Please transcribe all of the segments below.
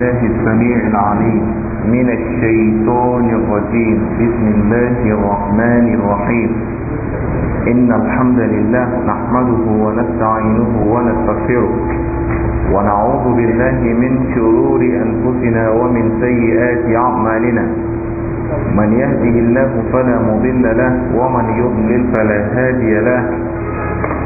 الله السميع العليم من الشيطان الرجيم بسم الله الرحمن الرحيم إن الحمد لله نحمده ونستعينه ونستغفره ونعوذ بالله من شرور أنفسنا ومن سيئات أعمالنا من يهده الله فلا مضل له ومن يضلل فلا هادي له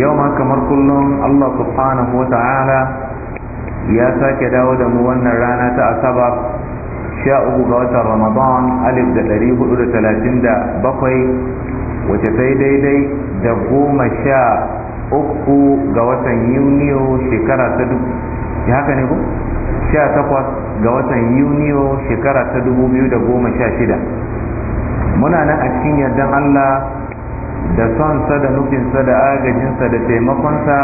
yau ma kamar kullum Allah subhanahu wa ta'ala ya sake dawo da mu wannan rana ta asabar sha uku ga watan ramadan alif da ɗari hudu da talatin da bakwai wace sai daidai da goma sha uku ga watan yuniyo shekara ta dubu haka ne ko sha takwas ga watan yuniyo shekara ta dubu biyu da goma sha shida muna nan a cikin yardan Allah da sonsa da nufinsa da agajinsa da taimakonsa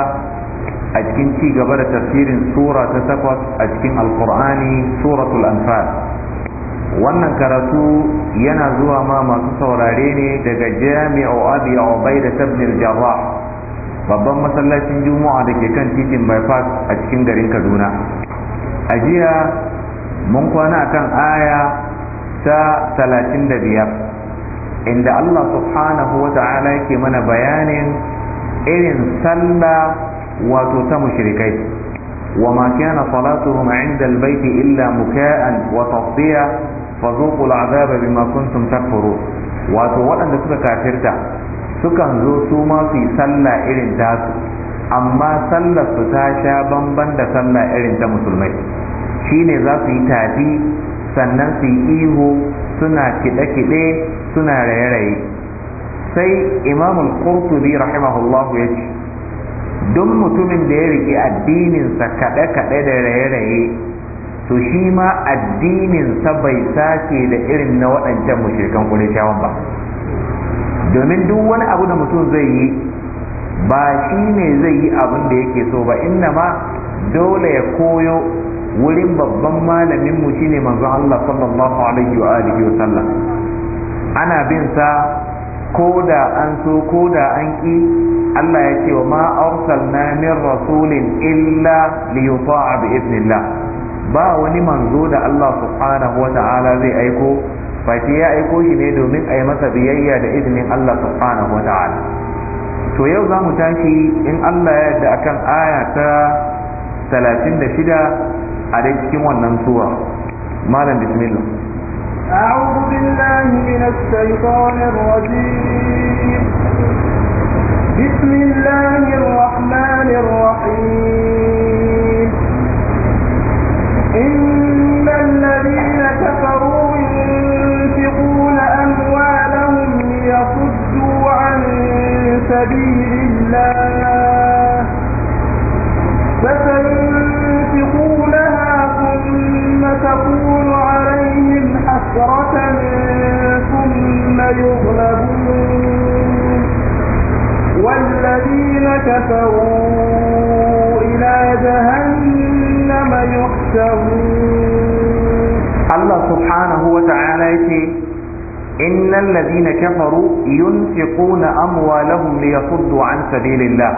a cikin ci gaba da tafsirin sura ta takwas a cikin alkur'ani suratul anfal wannan karatu yana zuwa ma masu saurare ne daga jami'u abi ubai da tabnil jarrah babban masallacin juma'a da ke kan titin bypass a cikin garin kaduna a jiya mun kwana kan aya ta talatin da biyar inda Allah subhanahu wa ta'ala yake mana bayanin irin sallah wato ta mushrikai wa ma kana salatuhum 'inda al-bayt illa muka'an wa tasdiya fadhuqu al-'adaba bima kuntum takfurun wato waɗanda suka kafirta sukan zo su ma su yi sallah irin tasu amma sallar su ta sha bamban da sallah irin ta musulmai shine za su yi tafi sannan su yi ihu suna kiɗe-kiɗe suna raye-raye sai imamul qurtubi rahimahullahu ya ce duk mutumin da ya riƙe addininsa kaɗe-kaɗe da raye-raye to shi ma addininsa bai sace da irin na waɗancan mushrikan ƙunishawan ba domin duk wani abu da mutum zai yi ba shi ne zai yi abin da yake so ba inna ma dole ya koyo wurin babban malamin mu shine manzo Allah sallallahu alaihi wa alihi wa ana bin sa ko da an so an ki Allah ya ce wa ma arsalna min rasulin illa li yuta'a bi idnillah ba wani manzo da Allah subhanahu wa ta'ala zai aiko fati ya aiko shi ne domin a yi masa biyayya da izinin Allah subhanahu wa ta'ala to yau za mu tashi in Allah ya yarda akan aya ta 36 a dai cikin wannan suwa malam bismillah أعوذ بالله من الشيطان الرجيم بسم الله الرحمن الذين كفروا ينفقون أموالهم ليصدوا عن سبيل الله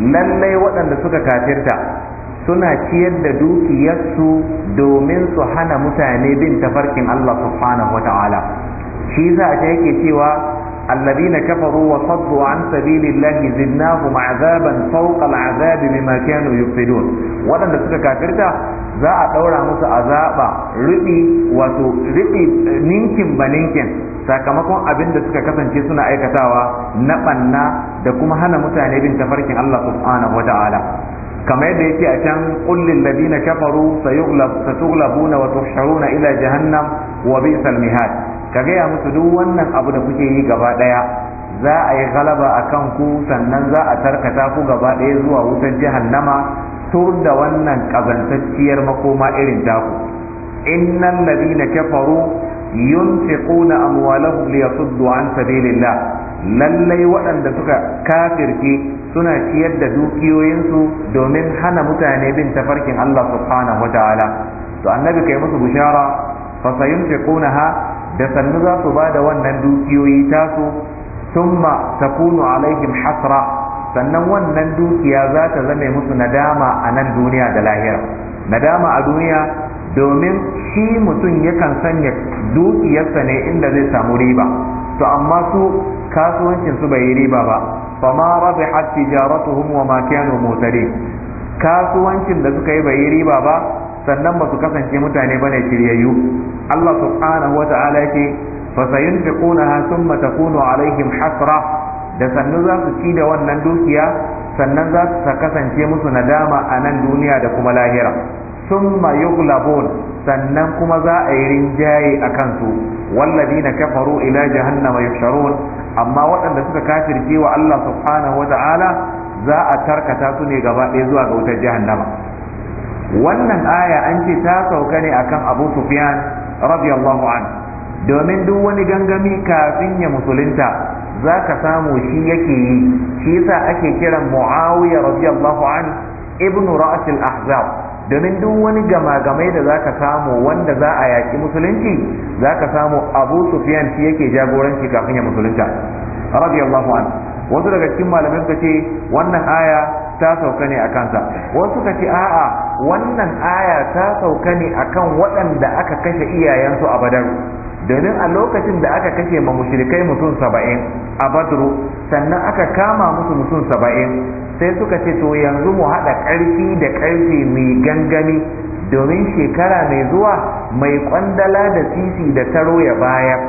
lallai waɗanda suka kafirta suna ciyar da dukiyarsu domin su hana mutane bin tafarkin Allah subhanahu wa ta'ala shi za yake cewa الذين كفروا وصدوا عن سبيل الله زدناهم عذابا فوق العذاب بما كانوا يفسدون ولن تكفرت za a ɗaura musu azaba riɓi wato riɓi eh, ninkin ba ninkin sakamakon abin da suka kasance suna aikatawa na ɓanna da kuma hana mutane bin tafarkin Allah subhanahu wa ta'ala kamar yadda yake a can kullin ladina kafaru satughlabuna wa tuhsharuna ila jahannam wa bi'sal mihad ka gaya musu duk wannan abu da kuke yi gaba ɗaya za a yi galaba a kan ku sannan za a tarkata ku gaba ɗaya zuwa wutar jahannama tur da wannan ƙazantacciyar makoma irin taku innal ladina kafaru yunfiquna amwalahum liyasuddu an sabilillah lallai waɗanda suka kafirce suna ciyar da dukiyoyinsu domin hana mutane bin tafarkin Allah subhanahu wataala to annabi kai musu bishara fa sayunfiqunaha da sannu za su ba da wannan dukiyoyi tasu thumma takunu alaihim hasra sannan wannan dukiya za ta zame musu nadama a nan duniya da lahira nadama a duniya domin shi mutum yakan sanya dukiyarsa ne inda zai samu riba to amma su kasuwancin su bai yi riba ba fama rabihat tijaratuhum wa ma kanu mutari kasuwancin da suka yi bai yi riba ba sannan ba su kasance mutane bane shiryayyu Allah subhanahu wa ta'ala yake fa sayunfiqunaha thumma takunu alaihim hasra da sannu za su ci da wannan dukiya sannan za su kasance musu nadama a nan duniya da kuma lahira summa yughlabun sannan kuma za a yi rinjaye a kansu na kafaru ila jahannama yusharun amma waɗanda suka kafirce wa Allah subhanahu wa ta'ala za a tarkata su ne gaba ɗaya zuwa ga wutar jahannama wannan aya an ce ta sauka ne akan Abu Sufyan radiyallahu an domin duk wani gangami kafin ya musulunta Zaka samu shi yake yi shi yasa ake kiran muawiya radiyallahu anhu ibn ra'as al-ahzab domin duk wani gama gamai da zaka samu wanda za a yaƙi musulunci za ka samu abu sufyan shi yake jagoranci kafin ya musulunta radiyallahu anhu wasu daga cikin malamai ka ce wannan aya ta sauka ne a kansa wasu ka ce a'a wannan aya ta sauka ne akan waɗanda aka kashe iyayensu a badar domin a lokacin da aka kashe ma mushrikai mutum saba'in a badru sannan aka kama musu mutum saba'in sai suka ce to yanzu mu haɗa ƙarfi da ƙarfe mai gangami domin shekara mai zuwa mai kwandala da sisi da taro ya bayar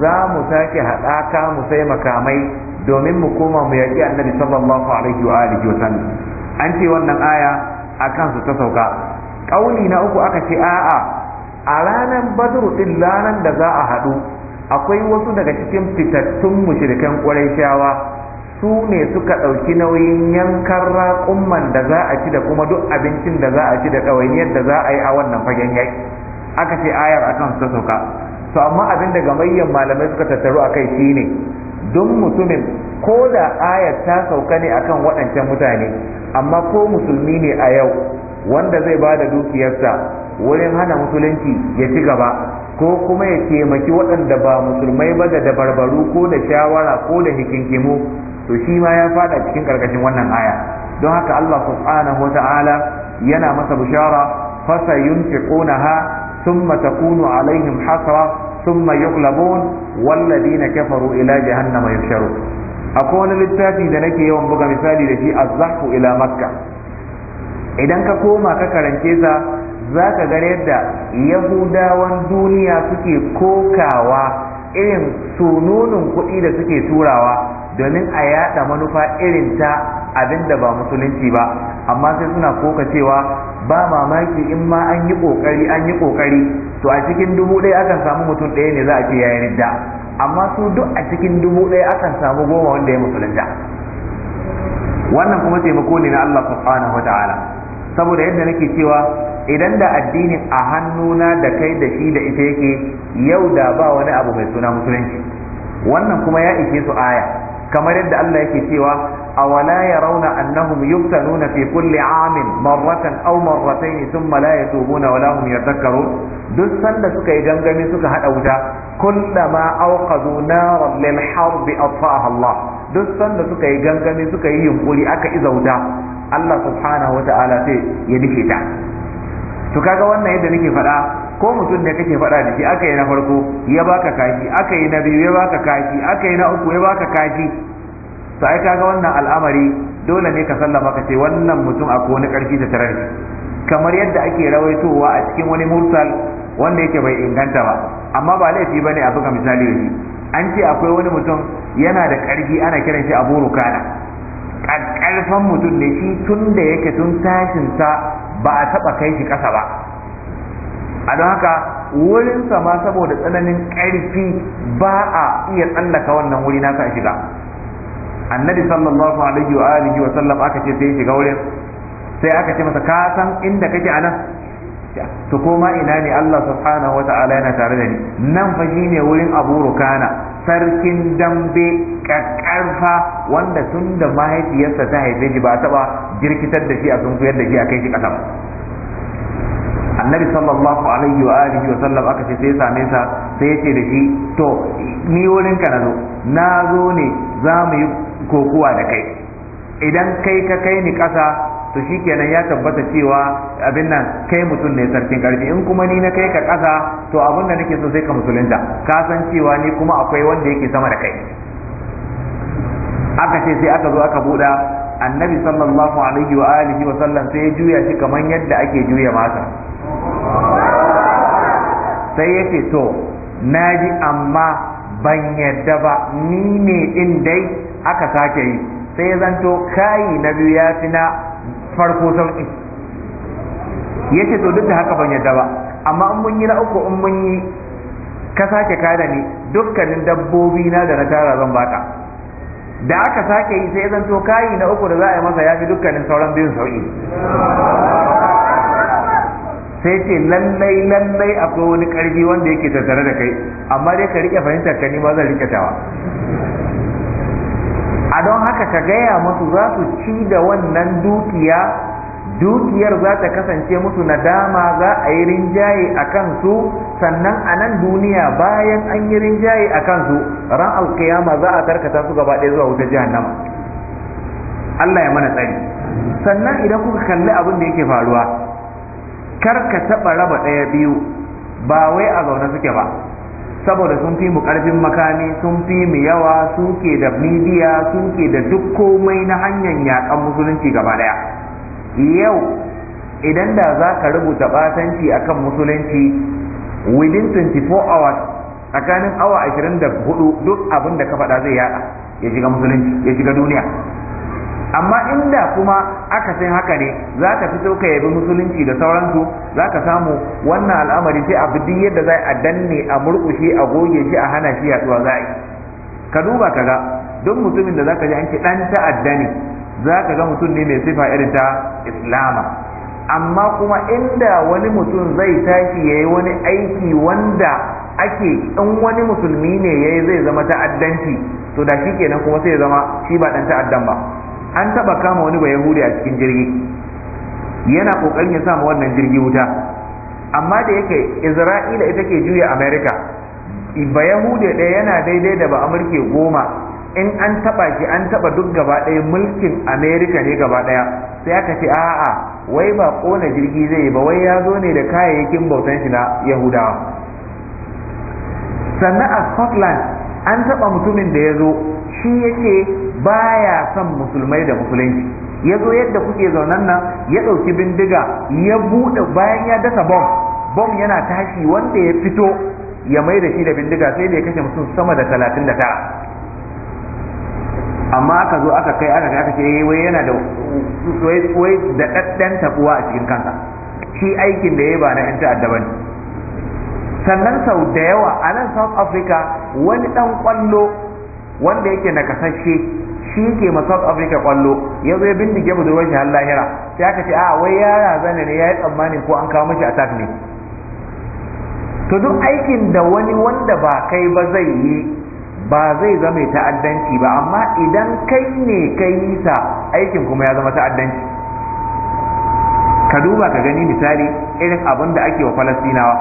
za mu sake haɗaka mu sai makamai domin mu koma mu yaƙi annabi sallallahu alaihi wa alihi wa sallam an ce wannan aya a kansu ta sauka ƙauli na uku aka ce a'a a ranar badru din ranar da za a haɗu akwai wasu daga cikin fitattun mushrikan ƙurayshawa su ne suka ɗauki nauyin yankan raƙumman da za a ci da kuma duk abincin da za a ci da ɗawainiyar da za a yi a wannan fagen yaƙi aka ce ayar akan su sauka to amma abin da gamayyar malamai suka tattaru a kai shi ne. don mutumin ko da ayar ta sauka ne a kan waɗancan mutane amma ko musulmi ne a yau wanda zai ba da dukiyarsa wurin hana musulunci ya ci gaba ko kuma ya taimaki waɗanda ba musulmai ba da dabarbaru ko da shawara ko da hikinkimu to shi ma ya fada cikin karkashin wannan aya don haka Allah subhanahu wa ta'ala yana masa bishara fasa yunfiqunaha thumma takunu alaihim hasra thumma yughlabun walladina kafaru ila jahannama yusharu akwai wani littafi da nake yawan buga misali da shi az-zahfu ila makka idan ka koma ka karance sa za ka ga yadda yahudawan duniya suke kokawa irin sununun kuɗi da suke turawa domin a yada manufa irin ta abin da ba musulunci ba amma sai suna koka cewa ba mamaki in ma an yi kokari an yi kokari to a cikin dubu ɗaya akan samu mutum ɗaya ne za a ce ya yi ridda amma su duk a cikin dubu ɗaya akan samu goma wanda ya musulunta wannan kuma taimako ne na Allah subhanahu wa ta'ala saboda yadda nake cewa idan da addinin a hannuna da kai da shi da ita yake yau da ba wani abu mai suna musulunci wannan kuma ya ishe su aya kamar yadda Allah yake cewa awala yarawna annahum yuftanuna fi kulli amin marratan aw marratayn thumma la yatubuna wala hum yadhakkarun duk sanda suka yi gangami suka hada wuta kullama awqadu naran lil harbi atfa'aha Allah duk sanda suka yi gangami suka yi yunkuri aka iza wuta Allah subhanahu wa ta'ala sai ya dike ta to kaga wannan yadda nake faɗa ko mutum da kake faɗa da shi aka yi na farko ya baka kashi aka yi na biyu ya baka kashi aka yi na uku ya baka kashi to ai kaga wannan al'amari dole ne ka sallama ka ce wannan mutum akwai wani karfi ta tarar kamar yadda ake rawaitowa a cikin wani mursal wanda yake bai inganta ba amma ba laifi bane a buga misali da an ce akwai wani mutum yana da karfi ana kiran shi abu rukana ƙarfan mutum ne shi tun da yake tun tashin tashinsa ba a taɓa kai shi ƙasa ba a don haka wurinsa ma saboda tsananin ƙarfi ba a iya tsallaka wannan wuri nasa a shiga annabi sallallahu alaihi wa alihi wa sallam aka ce sai shiga wurin sai aka ce masa ka san inda kake anan to koma ina ne Allah subhanahu wa yana tare da ni nan fa shine wurin Abu Rukana sarkin dambe kakkarfa wanda tun da mahaifiyarsa ta haife shi ba taba jirkitar da shi a sunkuyar da shi a kai shi kasa annabi sallallahu alaihi wa alihi wa sallam aka ce sai same sa sai yace da shi to ni wurin ka nazo na zo ne za mu yi kokuwa da kai idan kai ka kai ni kasa to shi kenan ya tabbata cewa abin nan kai mutum ne sarkin karfi in kuma ni na kai ka kasa to abin da nake so sai ka musulunta ka san cewa ni kuma akwai wanda yake sama da kai aka ce sai aka zo aka buɗa annabi sallallahu alaihi wa alihi wa sallam sai ya juya shi kamar yadda ake juya masa sai ya ce to na ji amma ban yadda ba ni ne in dai aka sake yi sai ya zanto kayi na biyu ya fi na farko sauƙi ya ce to duk da haka ban yadda ba amma in mun yi na uku in mun yi ka sake kada ni dukkanin dabbobi na da na tara zan baka da aka sake yi sai zan to kayi na uku da za a yi masa ya fi dukkanin sauran biyun sauƙi sai ce lallai lallai akwai wani karfi wanda yake tattare da kai amma dai ka rike fahimtar ka ni ma zan rike tawa a don haka ka gaya musu za su ci da wannan dukiya dukiyar za ta kasance musu nadama za a yi rinjaye a kansu sannan a nan duniya bayan an yi rinjaye a kansu ran alkiyama za a karkata su gaba ɗaya zuwa wuta jahannama Allah ya mana tsari sannan idan kuka kalli abin da yake faruwa kar ka taɓa raba ɗaya biyu ba wai a zaune suke ba saboda sun fi mu karfin makami sun fi mu yawa suke da midiya suke da duk komai na hanyar yakan musulunci gaba daya yau idan da za ka rubuta batanci akan musulunci within 24 hours tsakanin awa 24 duk abin da ka faɗa zai yada ya shiga musulunci ya shiga duniya amma inda kuma aka san haka ne za ka fito ka yabi musulunci da sauransu za ka samu wannan al'amari sai abu duk yadda za a danne a murƙushe a goge shi a hana shi yaduwa za a yi ka duba ka ga duk mutumin da za ka ji an ce ɗan ta'adda ne za ka ga mutum ne mai sifa irin ta islama amma kuma inda wani mutum zai tashi ya yi wani aiki wanda ake in wani musulmi ne ya zai zama ta'addanci to da shi kenan kuma sai ya zama shi ba ɗan ta'addan ba an taba kama wani ba yahudi a cikin jirgi yana kokarin ya sama wannan jirgi wuta amma da yake isra'ila ita ke juya america ba yahudi ɗaya yana daidai da ba amurke goma in an taba shi an taba duk gaba ɗaya mulkin amerika ne gaba ɗaya sai aka ce a'a wai ba kona jirgi zai yi ba wai ya zo ne da kayayyakin bautan shi na yahudawa sannan a scotland an taba mutumin da ya zo shi yake baya son musulmai da musulunci ya zo yadda kuke zaunan nan ya ɗauki bindiga ya buɗe bayan ya dasa bom bom yana tashi wanda ya fito ya mai da shi da bindiga sai da ya kashe mutum sama da talatin da tara amma aka zo aka kai aka kai aka ce eh, wai yana da wai da tafuwa a cikin kansa shi aikin da ya ba na 'yan ta'adda bane sannan sau da yawa a nan south africa wani ɗan ƙwallo wanda yake nakasashe shi ke ma South Africa kwallo ya zo ya bindige budurwar shi har lahira sai aka ce a ah, wai ya razana ne ya yi tsammanin ko an kawo mashi attack ne to duk aikin da wani wanda ba kai ba zai yi ba zai zama ta'addanci ba amma idan kai ne kai yi aikin kuma ya zama ta'addanci ka duba ka gani misali irin abin da ake wa falastinawa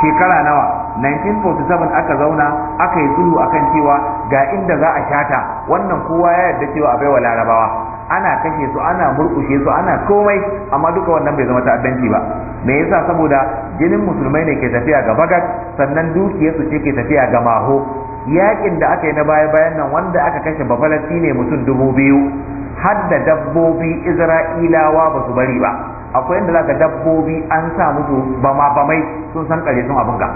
shekara nawa 1947 aka zauna aka yi a kan cewa ga inda za a shata wannan kowa ya yarda cewa a baiwa larabawa ana kashe su ana murkushe su ana komai amma duka wannan bai zama ta'addanci ba me yasa saboda jinin musulmai ne ke tafiya ga bagat sannan dukiyarsu ce ke tafiya ga maho yakin da aka yi na baya bayan nan wanda aka kashe bafalasti ne mutum dubu biyu har da dabbobi isra'ilawa ba su bari ba akwai inda zaka dabbobi an sa musu bama bamai sun san kare sun abin ga.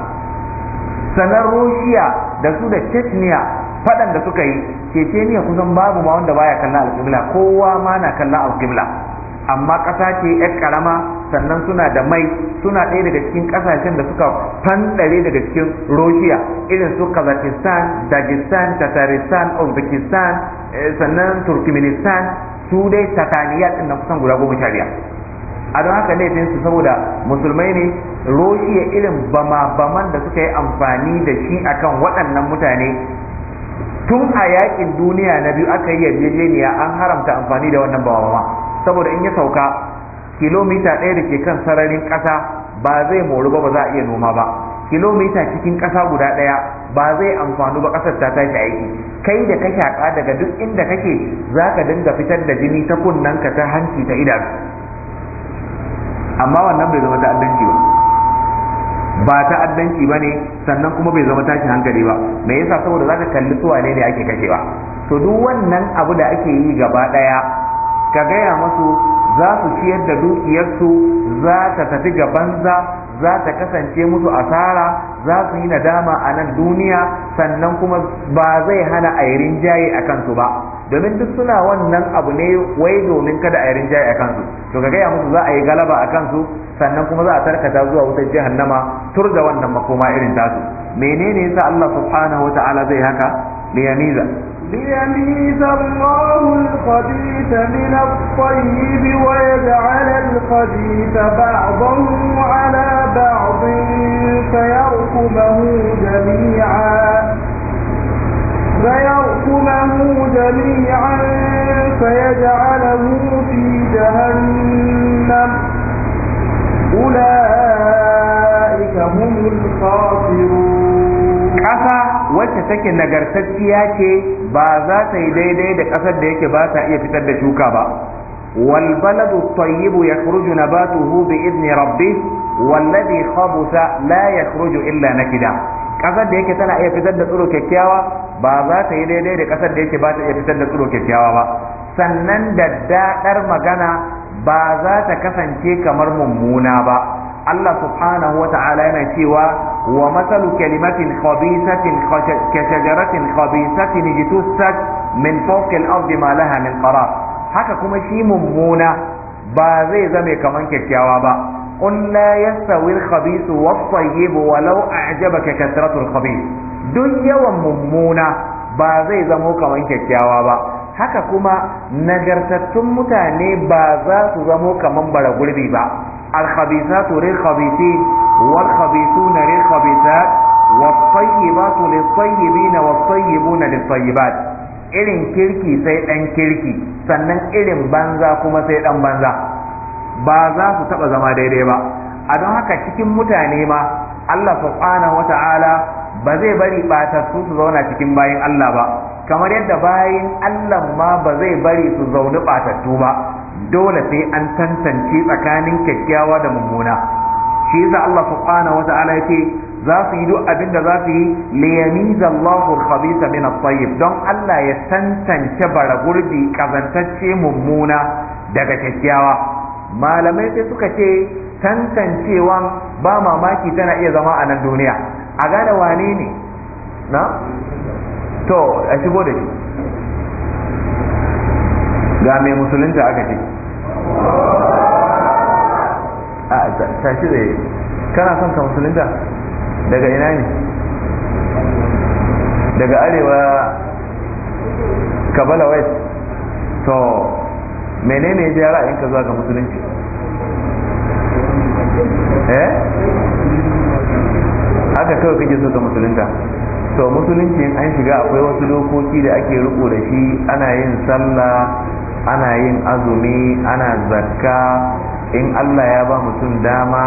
sannan roshiya da su da chechnya fadan da suka yi chechnya kusan babu ma wanda baya kallon alƙibla kowa ma na kallon alƙibla amma ƙasa ce yar ƙarama sannan suna da mai suna ɗaya daga cikin ƙasashen da suka fanɗare daga cikin roshiya irin su kazakhstan dagestan tataristan uzbekistan eh, sannan turkmenistan su dai tataniya ɗin na kusan guda goma sha biyar a don haka laifin su saboda musulmai ne roshiya irin bama baman da suka yi amfani da shi akan waɗannan mutane tun a yaƙin duniya na biyu aka yi yarjejeniya an haramta amfani da wannan bama saboda in ya sauka kilomita ɗaya da ke kan sararin ƙasa ba zai moru ba ba za a iya noma ba kilomita cikin ƙasa guda ɗaya ba zai amfani ba ƙasar ta tashi aiki kai da ka shaƙa daga duk inda kake za ka dinga fitar da jini ta kunnanka ta hanci ta idanu amma wannan bai zama ta'addanci ba ba ta'addanci ba ne sannan kuma bai zama tashin hankali ba me yasa saboda zaka kalli su wane ne ake kashewa to duk wannan abu da ake yi gaba daya ka gaya musu za su ciyar da dukiyarsu za ta tafi ga banza za ta kasance musu asara za su yi nadama a nan duniya sannan kuma ba zai hana a rinjaye a kansu ba domin duk suna wannan abu ne wai domin kada a yi rinjaye a kansu to ka gaya musu za a yi galaba a kansu sannan kuma za a tarkata zuwa wutar jahannama tur da wannan makoma irin tasu menene yasa Allah subhanahu wa ta'ala zai haka liyamiza ليميز الله الخبيث من الطيب ويجعل الخبيث بعضه على بعض فيركمه جميعا فيركمه جميعا فيجعله في جهنم أولئك هم الخاسرون كفى wacce take nagartacciya ce ba za أسد yi daidai da في da شوكابا والبلد الطيب يخرج نباته بإذن ربه والذي خبث لا يخرج إلا نكدا kasar da yake tana iya fitar da tsiro kyakkyawa ba za ta yi daidai da kasar da yake ba ta iya fitar da tsiro kyakkyawa ba sannan da daɗar magana ba za ta kasance kamar mummuna ba Allah subhanahu Ta'ala yana cewa wa masalu kalimatin khabisatin ka shajaratin khabisatin jitussat min fawqi al-ardi ma laha min qarar haka kuma shi mummuna ba zai zame kamar kyakkyawa ba قل لا يستوي الخبيث والطيب ولو أعجبك كثرة الخبيث duk yawan mummuna ba zai zamo kamar kyakkyawa ba haka kuma nagartattun mutane ba za su zamo kamar bara gurbi ba alkhabisatu lil khabisin wal khabisuna lil khabisat was tayyibatu lit tayyibin was tayyibuna lit tayyibat irin kirki sai dan kirki sannan irin banza kuma sai dan banza ba za su taba zama daidai ba a don haka cikin mutane ma Allah subhanahu wata'ala ba zai bari batattu su zauna cikin bayin Allah ba kamar yadda bayin Allah ma ba zai bari su zauni batattu ba dole sai an tantance tsakanin kyakkyawa da mummuna shi yasa Allah subhanahu wata'ala yake za su yi duk abin da za su yi liyamiza Allahu al-khabitha min at-tayyib don Allah ya tantance bara gurbi kazantacce mummuna daga kyakkyawa malamai sai suka ce tantancewa ba mamaki tana iya zama a nan duniya a gane wane ne na to a shigo da shi ga mai musulunta aka ce a tashi da kana son ka musulunta daga ina ne daga arewa kabala west to menene ya in ra'ayinka zuwa ga musulunci eh haka kawai kake so ka musulunta to musulunci an shiga akwai wasu dokoki da ake riko da shi ana yin sallah ana yin azumi ana zakka in allah ya ba mutum dama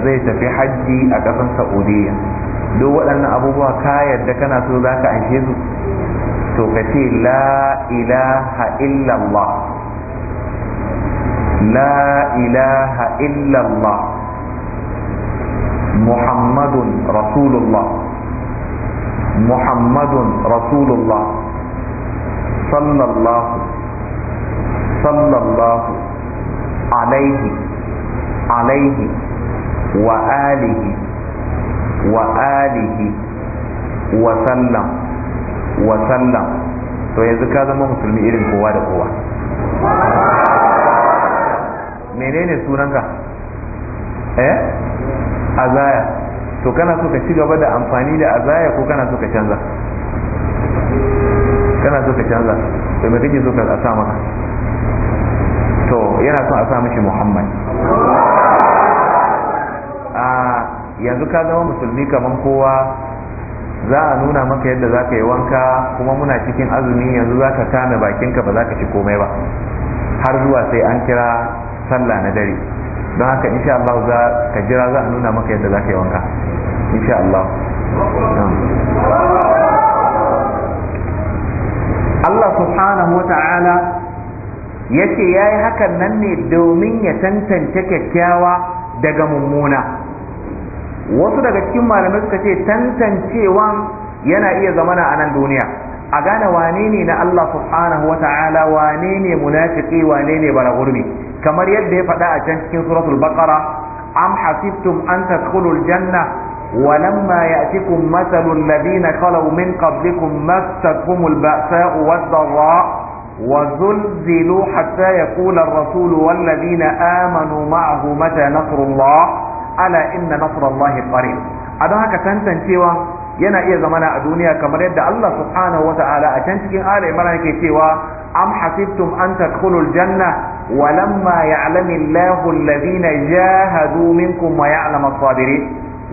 zai tafi hajji a ƙasar saudiya duk waɗannan abubuwa ka yadda kana so za ka anshe su to ka ce la ilaha illallah لا إله إلا الله محمد رسول الله محمد رسول الله صلى الله صلى الله عليه عليه وآله وآله وسلم وسلم to yanzu ka zama musulmi irin kowa da kowa menene sunanka eh azaya to kana so ka ci gaba da amfani da azaya ko kana so ka canza kana so ka canza to me kake so ka sa maka to yana son a sa mishi muhammad a yanzu ka zama musulmi kaman kowa za a nuna maka yadda za ka yi wanka kuma muna cikin azumi yanzu za ka kame bakinka ba za ka ci komai ba har zuwa sai an kira sallah na dare don haka insha Allah za ka jira za a nuna maka yadda za ka yi wanka insha Allah Allah subhanahu wa ta'ala ya ce ya yi hakan nan ne domin ya tantance kyakkyawa daga mummuna wasu daga cikin malamai suka ce tantancewan yana iya zamana a nan duniya a gane wane ne na Allah subhanahu wa ta'ala wane ne munafiki wane ne bara kamar yadda ya faɗa a can cikin suratul baqara am hasibtum an tadkhulu aljanna wa lamma ya'tikum mathalu alladhina khalu min qablikum massatkum alba'sa'u wad-dharra wa zulzilu hatta yaqula ar-rasulu walladhina amanu ma'ahu mata nasrullah ala inna nasrallahi qarib adon haka tantancewa yana iya zamana a duniya kamar yadda Allah subhanahu wa ta'ala a cikin ala imran yake cewa am hasibtum an tadkhulu janna. walamma ya'lamu Allahu alladhina jahadu minkum wa ya'lamu as-sabirin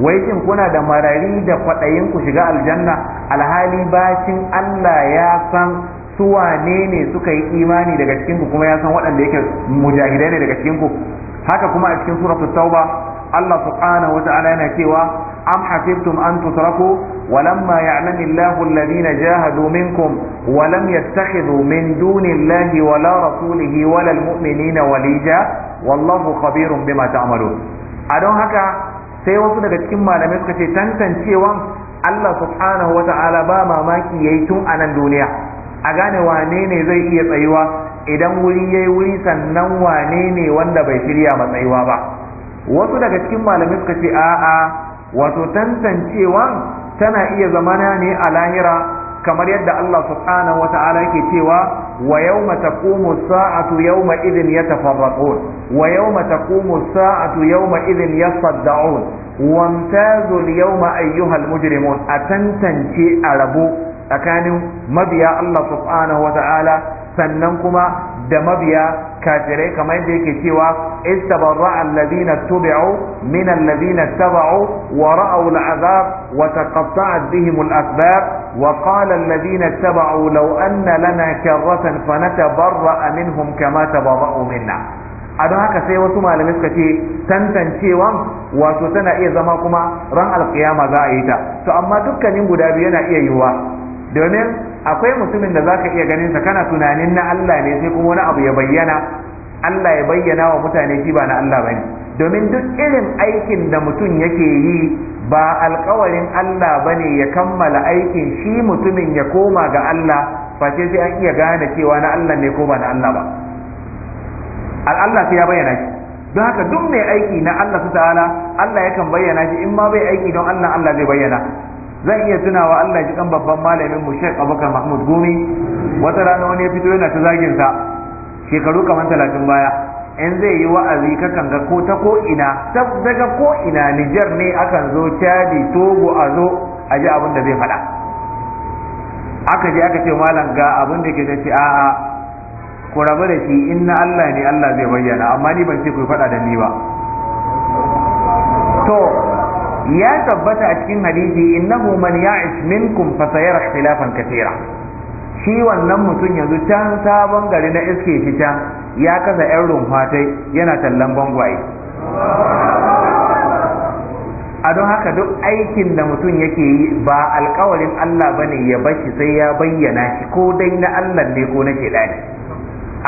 wai shin kuna da marari da kwaɗayin ku shiga aljanna alhali bacin Allah ya san su Wanene ne suka yi imani daga cikin kuma ya san waɗanda yake mujahidai ne daga cikin ku haka kuma a cikin suratul tauba Allah subhanahu wa ta'ala yana cewa am hasibtum an tutraku walamma ya'lamu Allahu domin jahadu minkum wa lam yattakhidhu min duni Allahi wala rasulihi wala almu'minina walija wallahu khabirun bima a don haka sai wasu daga cikin malamai suka ce tantancewan Allah subhanahu wa ta'ala ba mamaki yayi tun a nan duniya a gane wane ne zai iya tsayuwa idan wuri yayi wuri sannan wane ne wanda bai shirya matsayuwa ba wasu daga cikin malamai suka ce a'a wato tantancewa tana iya zamana ne a lahira kamar yadda Allah subhanahu wata'ala cewa wa yawma taqumu sa'atu yawma ya yatafarraqun wa yawma taqumu sa'atu yawma idin ya wamtazu al-yawma ayyuha al-mujrimun a tantance a rabo tsakanin mabiya Allah subhanahu wata'ala sannan kuma da mabiya kafirai kamar yadda yake cewa istabarra alladhina tubi'u min alladhina tabau wa ra'aw al'azab wa taqatta'at bihim al'asbab wa qala alladhina na law anna lana karratan fanatabarra minhum kama tabarra'u minna a don haka sai wasu malamai suka ce tantancewan wato tana iya zama kuma ran alkiyama za a yi ta to amma dukkanin guda biyu yana iya yiwuwa domin akwai mutumin da zaka iya ganin sa kana tunanin na Allah ne sai kuma wani abu ya bayyana Allah ya bayyana wa mutane shi ba na Allah bane domin duk irin aikin da mutum yake yi ba alkawarin Allah bane ya kammala aikin shi mutumin ya koma ga Allah face sai an iya gane cewa na Allah ne ko ba na Allah ba Allah sai ya bayyana shi don haka duk mai aiki na Allah su ta'ala Allah yakan bayyana shi in ma bai aiki don Allah Allah zai bayyana zan iya tunawa Allah ji kan babban malamin mu Sheikh Abubakar Mahmud Gumi wata rana wani ya fito yana ta zagin sa shekaru kamar talatin baya in zai yi wa'azi kakan ga ko ta ko ina daga ko ina Nijar ne akan zo Chadi Togo a zo a ji abin da zai faɗa aka je aka ce malam ga abin da ke ta ce a'a ku rabu da shi in na Allah ne Allah zai bayyana amma ni ban ce ku faɗa da ni ba to ya tabbata a cikin hadisi innahu man ya'ish minkum fa sayara ikhtilafan katira shi wannan mutum yanzu can sabon gari na iske shi can ya kasa yan rumfatai yana tallan bangwaye a don haka duk aikin da mutum yake yi ba alkawarin Allah bane ya bashi sai ya bayyana shi ko dai na Allah ne ko na shedani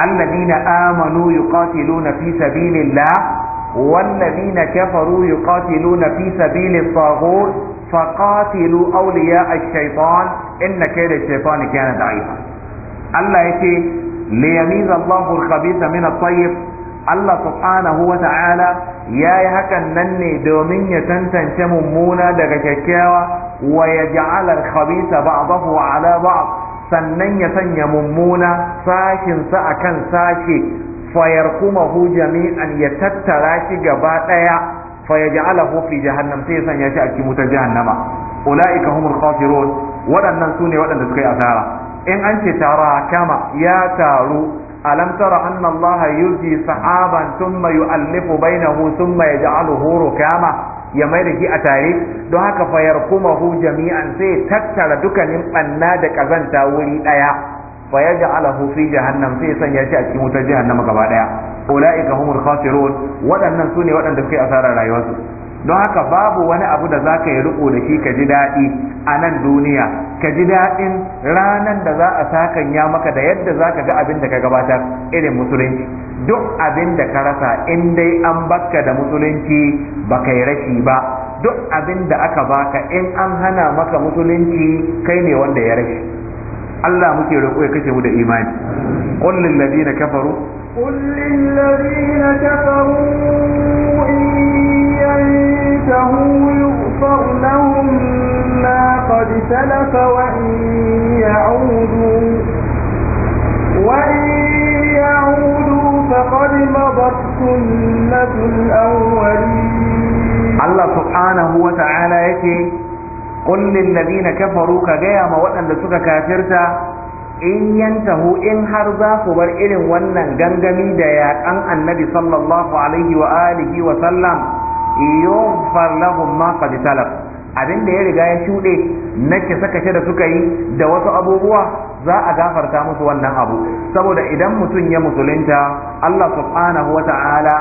alladina amanu yuqatiluna fi sabilillah والذين كفروا يقاتلون في سبيل الطاغوت فقاتلوا أولياء الشيطان إن كيد الشيطان كان ضعيفا الله يتي ليميز الله الخبيث من الطيب Allah subhanahu wa ta'ala ya yi hakan nan ne domin ya tantance mummuna daga kyakkyawa wa ya ja'alar khabisa ba'dahu ala ba'd sannan ya sanya mummuna sashinsa akan sashi. fayar kuma jami'an ya tattara shi gaba ɗaya faya ja'alahu fi jahannam sai ya sanya shi a cikin wutar jahannama ulaika humul khasirun waɗannan sune waɗanda suka yi asara in an ce tara kama ya taru alam tara anna allaha yurji sahaban thumma sun bainahu thumma yaj'aluhu rukama ya mai da shi a tare don haka fayar kuma hu jami'an sai tattara dukkanin banna da ƙazanta wuri ɗaya fa yaj'alahu fi jahannam sai sanya ci a cikin wutar jahannam gaba daya ulaika humul khasirun waɗannan sune waɗanda suke yi asarar rayuwarsu don haka babu wani abu da za ka yi riko da shi ka ji daɗi a nan duniya ka ji daɗin ranar da za a sakan ya maka da yadda za ka ga abin da ka gabatar irin musulunci duk abin da ka rasa in dai an baka da musulunci ba ka yi rashi ba duk abin da aka baka in an hana maka musulunci kai ne wanda ya rashi Allah muke roƙo ya kashe mu da imani qul lil ladina kafaru qul lil ladina kafaru in yantahu yughfar lahum ma qad salafa wa in ya'udu wa in ya'udu faqad madat sunnatul awwalin Allah subhanahu wa ta'ala yake kullin ladina kafaru ka gaya ma waɗanda suka kafirta in yantahu in har za su bar irin wannan gangami da yaƙan annabi sallallahu alaihi wa alihi wa sallam ma qad ya riga ya shuɗe na sakace da suka yi da wasu abubuwa za a gafarta musu wannan abu saboda idan mutum ya musulunta Allah subhanahu wa ta'ala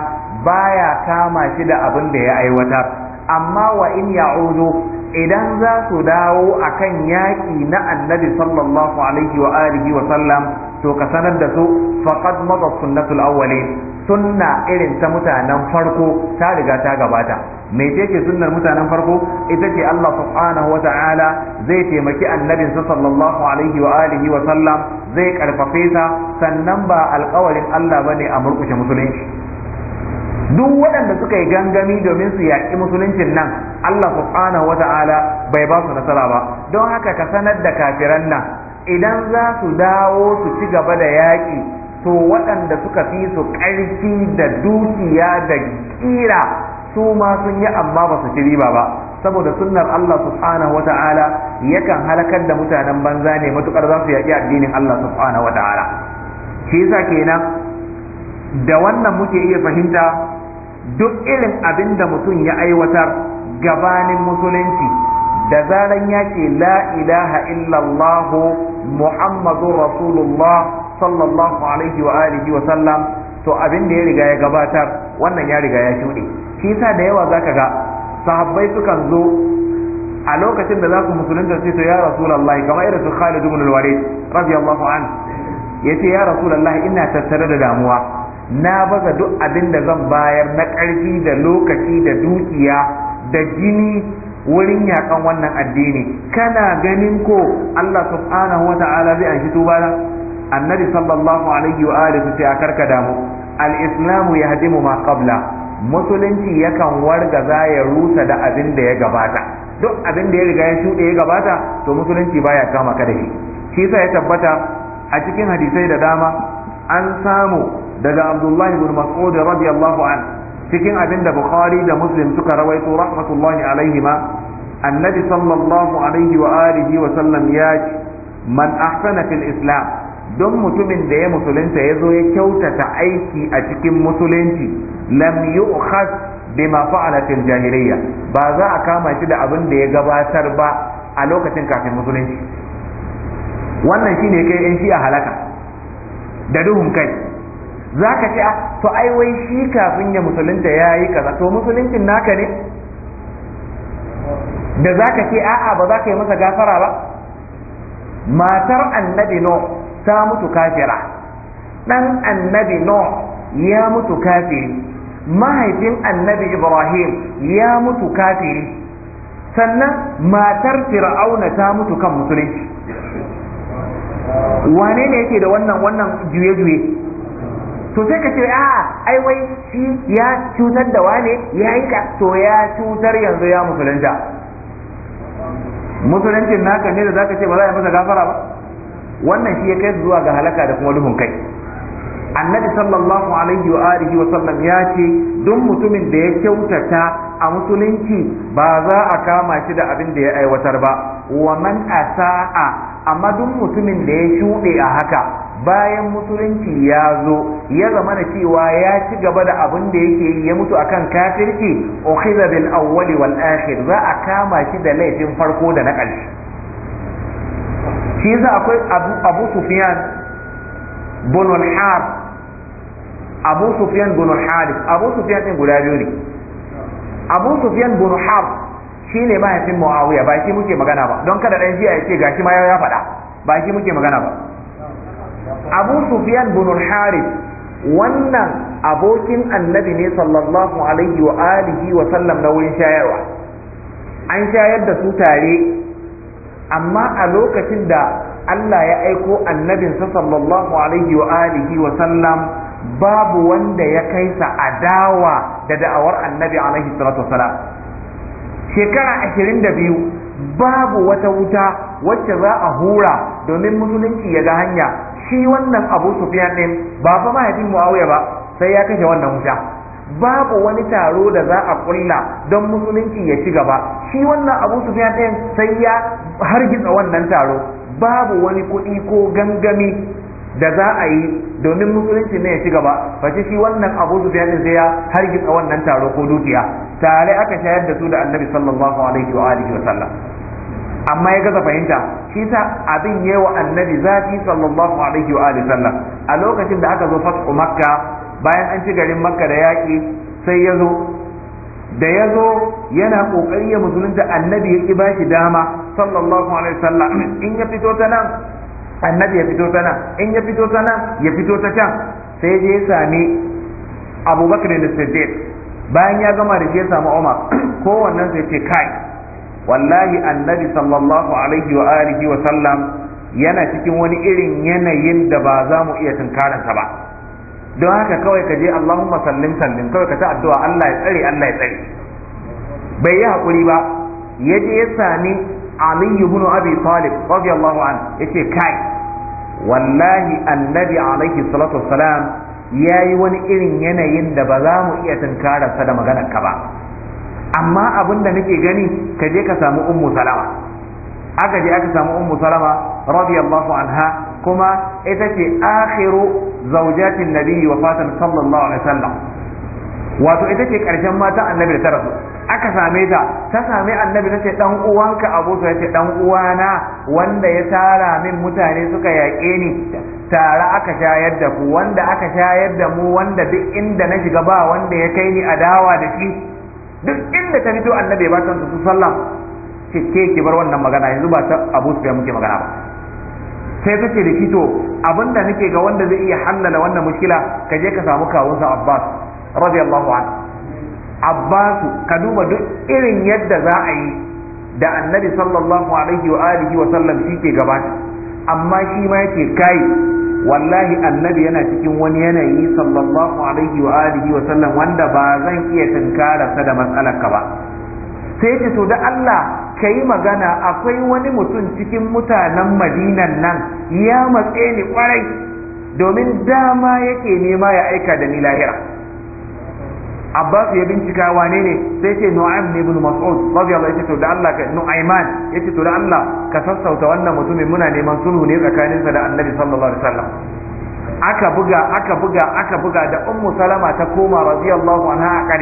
baya kama shi da abin da ya aiwata. amma wa in ya'udu idan za su dawo kan yaƙi na annabi sallallahu alaihi wa alihi wa sallam to ka sanar da su faqad mada sunnatul awwalin sunna irin ta mutanen farko ta riga ta gabata me ce ke sunnar mutanen farko ita ce Allah subhanahu wa ta'ala zai taimaki annabin sa sallallahu alaihi wa alihi wa sallam zai karfafe sa sannan ba alƙawarin Allah bane a murƙushe musulunci duk waɗanda suka yi gangami domin su yaƙi musuluncin nan Allah subhanahu wa ta'ala bai ba su nasara ba don haka ka sanar da kafiran nan idan za su dawo su ci gaba da yaƙi to waɗanda suka fi su ƙarfi da dukiya da ƙira su ma sun yi amma ba su ci riba ba saboda sunnar Allah subhanahu wa ta'ala yakan halakar da mutanen banza ne matuƙar za su yaƙi addinin Allah subhanahu wa ta'ala shi yasa kenan da wannan muke iya fahimta duk irin abin da mutum ya aiwatar gabanin musulunci da zaran ya ce la ilaha illallah muhammadun rasulullah sallallahu alaihi wa alihi wa sallam to abin da ya riga ya gabatar wannan ya riga ya shuɗe shi yasa da yawa zaka ga sahabbai sukan zo a lokacin da za ku musulunta sai to ya rasulullah kamar irin su Khalid ibn al-Walid radiyallahu anhu yace ya rasulullah ina tattare da damuwa na baza duk abin da zan bayar na ƙarfi da lokaci da dukiya da jini wurin yakan wannan addini kana ganin ko Allah subhanahu wa ta'ala zai anshi tuba na annabi sallallahu alaihi wa alihi sai a karkada mu al-islamu yahdimu ma qabla musulunci yakan wargaza ya rusa da abin da ya gabata duk abin da ya riga ya shuɗe ya gabata to musulunci baya kama ka da shi shi ya tabbata a cikin hadisai da dama an samu daga abdullahi bin mas'ud radiyallahu an cikin abin da bukhari da muslim suka rawaito rahmatullahi alaihima annabi sallallahu alaihi wa alihi wa sallam ya ce man ahsana fil islam don mutumin da ya musulunta ya zo ya kyautata aiki a cikin musulunci lam yu'khas bima fa'ala fil jahiliyya ba za a kama shi da abin da ya gabatar ba a lokacin kafin musulunci wannan shine kai yan shi a halaka da duhun kai za ka ce ah, to ai wai shi kafin ya musulunta ya yi kaza to musuluncin naka ne da za ka ce a'a ba za ka yi masa gafara ba matar annabi no ta mutu kafira Dan annabi no ya mutu kafiri mahaifin annabi ibrahim ya mutu kafiri sannan matar fir'auna ta mutu kan musulunci wane ne yake da wannan wannan juye-juye to sai ka ce a ai wai shi ya cutar da wane ya yi ka to ya cutar yanzu ya musulunta musuluncin naka ne da zaka ce ba za a masa gafara ba wannan shi ya kai zuwa ga halaka da kuma duhun kai annabi sallallahu alaihi wa alihi wa sallam ya ce duk mutumin da ya kyautata a musulunci ba za a kama shi da abin da ya aiwatar ba wa man asa'a amma duk mutumin da ya shuɗe a haka bayan musulunci ya zo ya zama da cewa ya ci gaba da abin da yake yi ya mutu akan kafirci ukhiza bil awwali wal akhir za a kama shi da laifin farko da na ƙarshe shi yasa akwai abu abu sufyan bin al-har abu sufyan bin al har abu sufyan din guda biyu ne abu sufyan bin har shine mahaifin muawiya ba shi muke magana ba don kada dan jiya ya ce gashi ma ya faɗa ba shi muke magana ba abu sufyan bin harith wannan abokin annabi ne sallallahu alaihi wa alihi wa sallam na wurin shayarwa an shayar da su tare amma a lokacin da Allah ya aiko annabinsa sallallahu alaihi wa alihi wa sallam babu wanda ya kai sa adawa da da'awar annabi alaihi salatu wasalam shekara 22 babu wata wuta wacce za a hura domin musulunci ya ga hanya shi wannan abu sufiyan din ba fa mahaifin muawiya ba sai ya kashe wannan wuta babu wani taro da za a kulla don musulunci ya ci gaba shi wannan abu sufiyan din sai ya hargitsa wannan taro babu wani kuɗi ko gangami da za a yi domin musulunci ne ya ci gaba face shi wannan abu sufiyan din sai ya hargitsa wannan taro ko dukiya tare aka shayar da su da annabi sallallahu alaihi wa alihi wa sallam amma ya gaza fahimta shi ta abin yi wa annabi zafi sallallahu alaihi wa alihi sallam a lokacin da aka zo fathu makka bayan an ci garin makka da yaƙi, sai ya zo da ya zo yana ƙoƙari ya musulunta annabi ya ƙi bashi dama sallallahu alaihi sallam in ya fito ta nan annabi ya fito ta nan in ya fito ta nan ya fito ta can sai je ya sami abubakar da siddiq bayan ya gama da shi ya samu umar kowannen sai ce kai wallahi annabi sallallahu alaihi wa alihi wa sallam yana cikin wani irin yanayin da ba za mu iya tunkaransa ba don haka kawai ka je Allahumma sallim sallim kawai ka ta addu'a Allah ya tsare Allah ya tsare bai yi hakuri ba ya je ya sami Aliyu ibn Abi Talib radiyallahu an yace kai wallahi annabi alaihi salatu wassalam yayi wani irin yanayin da ba za mu iya tunkararsa da maganar ka ba amma abin da nake gani ka je ka samu ummu salama aka je aka samu ummu salama radiyallahu anha kuma ita ce akhiru zawjatin nabiyyi wa fatan sallallahu alaihi wasallam wato ita ce karshen mata annabi da ta rasu aka same ta ta same annabi ta ce dan uwanka abu Ta ce dan uwana wanda ya tara min mutane suka yaƙe ni tare aka shayar da ku wanda aka shayar da mu wanda duk inda na shiga ba wanda ya kai ni adawa da shi duk inda ta fito annabi ba ta su sallah ce ke ki bar wannan magana yanzu ba ta Abu Sufyan muke magana ba sai ta ce da shi to abinda nake ga wanda zai iya hallala wannan mushkila ka je ka samu kawunsa Abbas radiyallahu anhu Abbas ka duba duk irin yadda za a yi da annabi sallallahu alaihi wa alihi wa sallam shi ke gabata amma shi ma yake kai wallahi annabi yana cikin wani yanayi sallallahu alaihi wa alihi wa sallam wanda ba zan iya sa da matsalarka ba sai ce to da Allah ka magana akwai wani mutum cikin mutanen madinan nan ya matse ni kwarai domin dama yake nema ya aika da ni lahira Abbas ya bincika wane ne sai ce Nu'aym ibn Mas'ud radiyallahu anhu to da Allah ka Nu'ayman yace to da Allah ka sassauta wannan mutumin muna neman sulhu ne tsakaninsa da Annabi sallallahu alaihi wasallam aka buga aka buga aka buga da Ummu Salama ta koma radiyallahu anha a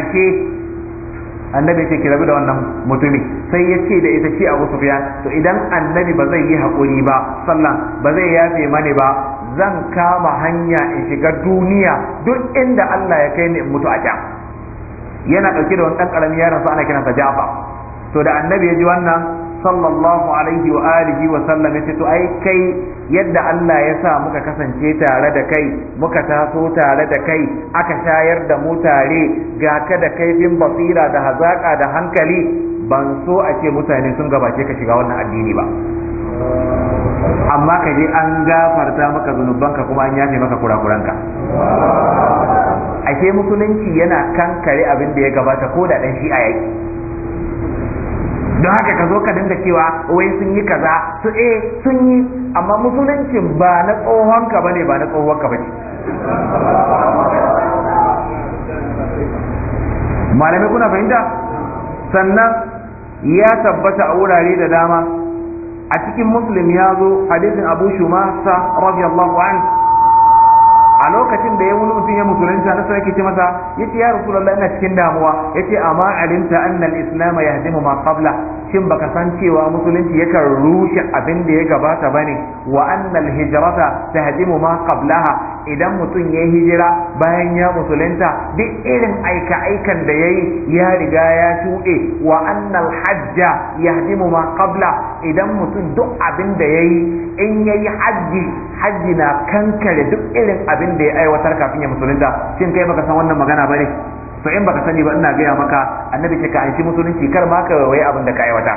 annabi ce kira da wannan mutumin sai ya da ita ce Abu Sufyan to idan annabi ba zai yi hakuri ba sallan ba zai yafe mani ba zan kama hanya in shiga duniya duk inda Allah ya kai ni in mutu a can yana ɗauke da wani ɗan ƙarami yaron sa ana kiransa Jafa. to da annabi ya ji wannan sallallahu alaihi wa alihi wa sallam ya ce to ai kai yadda Allah ya sa muka kasance tare da kai muka taso tare da kai aka shayar da mu tare ga ka da kaifin basira da hazaka da hankali ban so a ce mutane sun gabace ka shiga wannan addini ba amma ka je an gafarta maka zunubanka kuma an yafe maka kurakuranka ashe musulunci yana kankare abin da ya gabata ko da dan shi'a yake don haka ka zo ka dinga cewa wai sun yi kaza su eh sun yi amma musuluncin ba na tsohonka bane ba na tsohonka bane malamai kuna fahimta sannan ya tabbata a wurare da dama a cikin muslim ya zo hadisin abu shumasa radiyallahu an a lokacin da ya wani mutum ya musulunta na sarki ce masa yace ya rasulullah ina cikin damuwa yace amma alimta anna al-islam yahdimu ma qabla shin baka san cewa musulunci yakan rushe abin da ya gabata bane wa annal hijrata tahdimu ma qablaha idan mutum ya hijira bayan ya musulunta duk irin aika aikan da yayi ya riga ya shuɗe wa annal hajja yahdimu ma qabla idan mutum duk abin da yayi in yayi hajji hajji na kankare duk irin abin da ya aiwatar kafin ya musulunta shin kai baka san wannan magana bane to in baka sani ba ina gaya maka annabi ce ka aiki musulunci kar ma ka waye abin da ka aiwata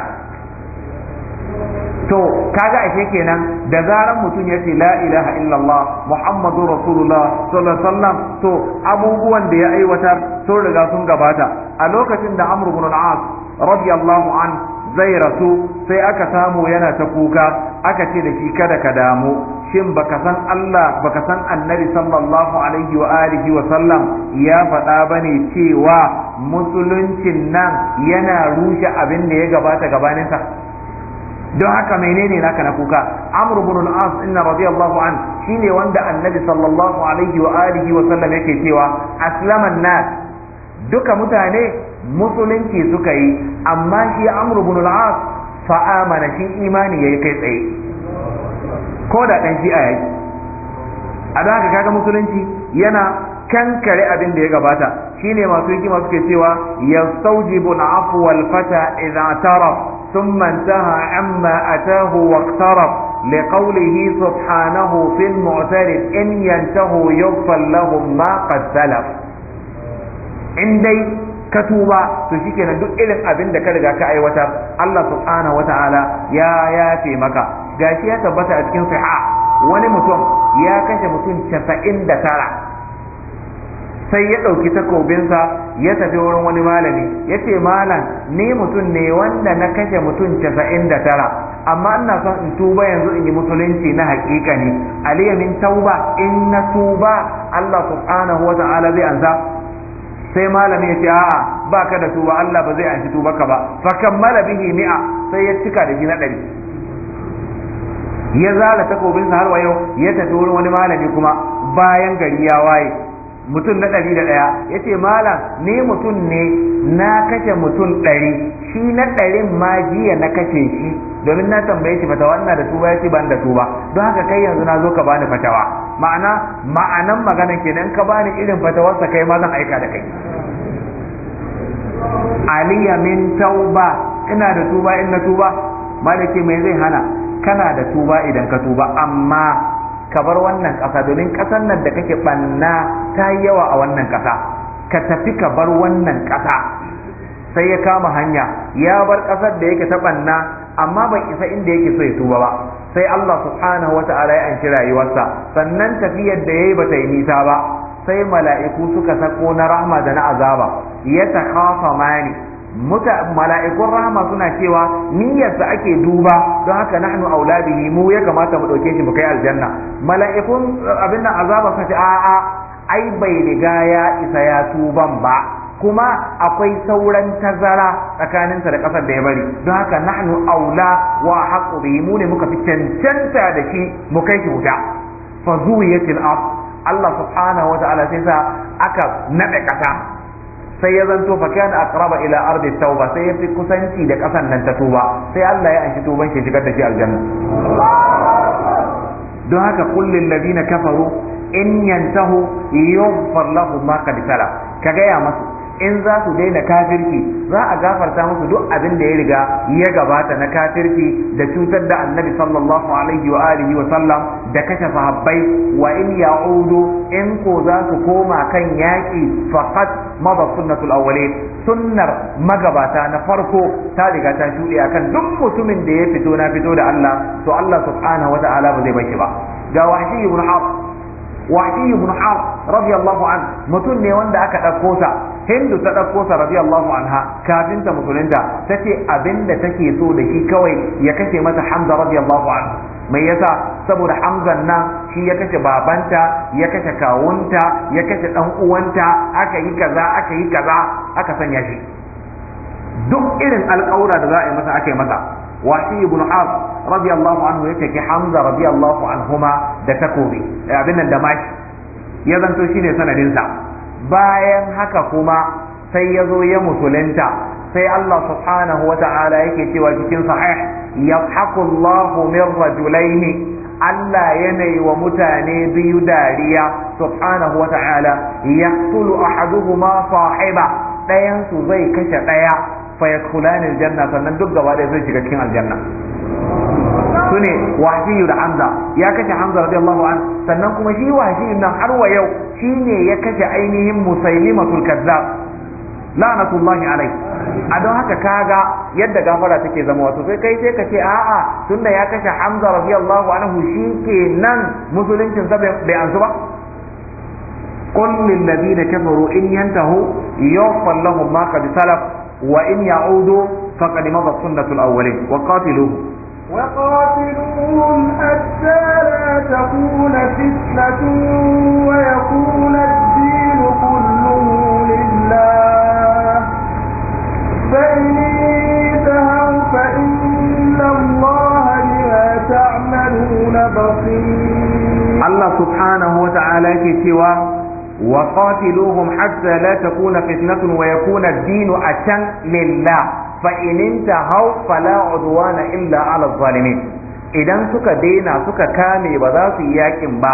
to kaga ashe kenan da zaran mutum ya ce la ilaha illallah muhammadu rasulullah sallallahu alaihi wasallam to abubuwan da ya aiwata sun riga sun gabata a lokacin da amr ibn al-as radiyallahu an zai rasu sai aka samu yana ta kuka aka ce da shi kada ka damu shin baka san Allah baka san annabi sallallahu alaihi wa alihi wa sallam ya faɗa bane cewa musuluncin nan yana rushe abin da ya gabata gabaninsa don haka menene naka na kuka amr ibn al-as inna radiyallahu an shine wanda annabi sallallahu alaihi wa alihi wa sallam yake cewa aslaman nas duka mutane musulunci suka yi amma shi amr ibn al-as fa amana shi imani yayi kai tsaye ko da ɗan shi'a ya a don haka kaga musulunci yana kankare abin da ya gabata shine masu hikima suke cewa yastawjibu al-afwa wal-fata idan tara sun mantaha amma atahu le liqawlihi subhanahu fil mu'tarif in yantahu yughfar lahum ma qad salaf in dai ka tuba to shikenan duk irin abin da ka riga ka aiwatar Allah subhanahu wataala ya yafe maka gashi ya tabbata a cikin sahiha wani mutum ya kashe mutum 99 sai ya ɗauki takobinsa ya tafi wurin wani malami ya ce malam ni mutum ne wanda na kashe mutum 99 amma ina son in tuba yanzu in yi musulunci na hakika ne aliyamin tauba in na tuba Allah subhanahu wata'ala zai ansa sai malami ya ce a'a ba ka da tuba Allah ba zai anshi tubarka ba fa kammala bihi mi'a sai ya cika da gina ɗari ya zala takobinsa har wa yau ya tafi wurin wani malami kuma bayan gari ya waye mutum na ɗari da ɗaya ya ce malam ni mutum ne na kashe mutum ɗari shi na ɗarin ma jiya na kashe shi domin na tambaye shi fatawa ina da tuba ya ce ban da tuba don haka kai yanzu na zo ka bani fatawa ma'ana ma'anan maganan kenan ka bani irin fatawarsa kai ma zan aika da kai aliya min tauba ina da tuba in na tuba malaki mai zai hana kana da tuba idan ka tuba amma ka bar wannan ƙasa domin ƙasar nan da kake banna ta yi yawa a wannan ƙasa ka tafi ka bar wannan ƙasa sai ya kama hanya ya bar ƙasar da yake ta banna amma ban isa inda yake so ya tuba ba sai Allah subhanahu wa ta'ala ya anki rayuwarsa sannan tafiyar da yayi bata yi nisa ba sai mala'iku suka sako na rahma da na azaba ya takhafa mani muta mala'ikun rahma suna cewa niyyarsa ake duba don haka nahnu auladihi mu ya kamata mu dauke shi mu kai aljanna mala'ikun abin azaba suka ce a'a ai bai riga ya isa ya tuban ba kuma akwai sauran tazara tsakaninsa da ƙasar da ya bari don haka nahnu aula wa haqqu bihi mu ne muka fi cancanta da shi mu kai shi wuta fa zuwiyatil ard Allah subhanahu wa ta'ala sai sa aka nade kasa sai ya zanto fa kana aqraba ila ardi tauba sai ya fi kusanci da ƙasar nan ta tuba sai Allah ya anshi tuban shi shigar da shi aljanna don haka kullin ladina kafaru in yantahu yughfar lahum ma qad ka gaya masu in za su daina kafirci za a gafarta musu duk abin da ya riga ya gabata na kafirci da cutar da annabi sallallahu alaihi wa alihi wa sallam da kashe sahabbai wa in ya'udu in ko za su koma kan yaƙi faqat mada sunnatul awwalin sunnar magabata na farko ta riga ta shuɗe akan duk mutumin da ya fito na fito da Allah to Allah subhanahu wa ta'ala ba zai shi ba ga wahi ibn wahiyu ibn auf radiyallahu an mutum ne wanda aka ɗauko sa hindu ta ɗauko sa radiyallahu anha kafin ta musulunta ta ce abinda take so da shi kawai ya kashe mata hamza radiyallahu an mai yasa saboda hamzan nan shi ya kashe babanta ya kashe kawunta ya kashe dan uwanta aka yi kaza aka yi kaza aka sanya shi duk irin alƙawura da za a yi masa aka yi masa wasi ibn as radiyallahu anhu ya take hamza radiyallahu anhuma da takobi eh, abin nan da maki ya zanto shine sanadin sa bayan haka kuma sai ya zo ya musulunta sai Allah subhanahu wa ta'ala yake cewa cikin sahih yadhaku Allahu min rajulaini Allah yanayi wa mutane biyu dariya subhanahu wa ta'ala yaqtulu ahaduhuma sahiba ɗayansu zai kashe ɗaya kula yadkhulani aljanna sannan duk gaba da zai shiga cikin aljanna sune wahshiyu da hamza ya kashe hamza radiyallahu an sannan kuma shi wahshiyu nan har wa yau shine ya kashe ainihin musailimatul kazzab la'natullahi alai a don haka kaga yadda gafara take zama wato sai kai sai ka ce a'a tunda ya kashe hamza radiyallahu anhu shi nan musuluncin sa bai ansu ba قل للذين كفروا إن ينتهوا يغفر لهم ما قد سلف وإن يعودوا فقد مضت سنة الأولين وقاتلوهم وقاتلوهم حتى لا تكون فتنة ويكون الدين كله لله فإن انتهوا فإن الله بما تعملون بصير الله سبحانه وتعالى كتوى وقاتلوهم حتى لا تكون فتنة ويكون الدين أتم لله فإن انتهوا فلا عدوان إلا على الظالمين idan suka daina suka kame ba za su yi yakin ba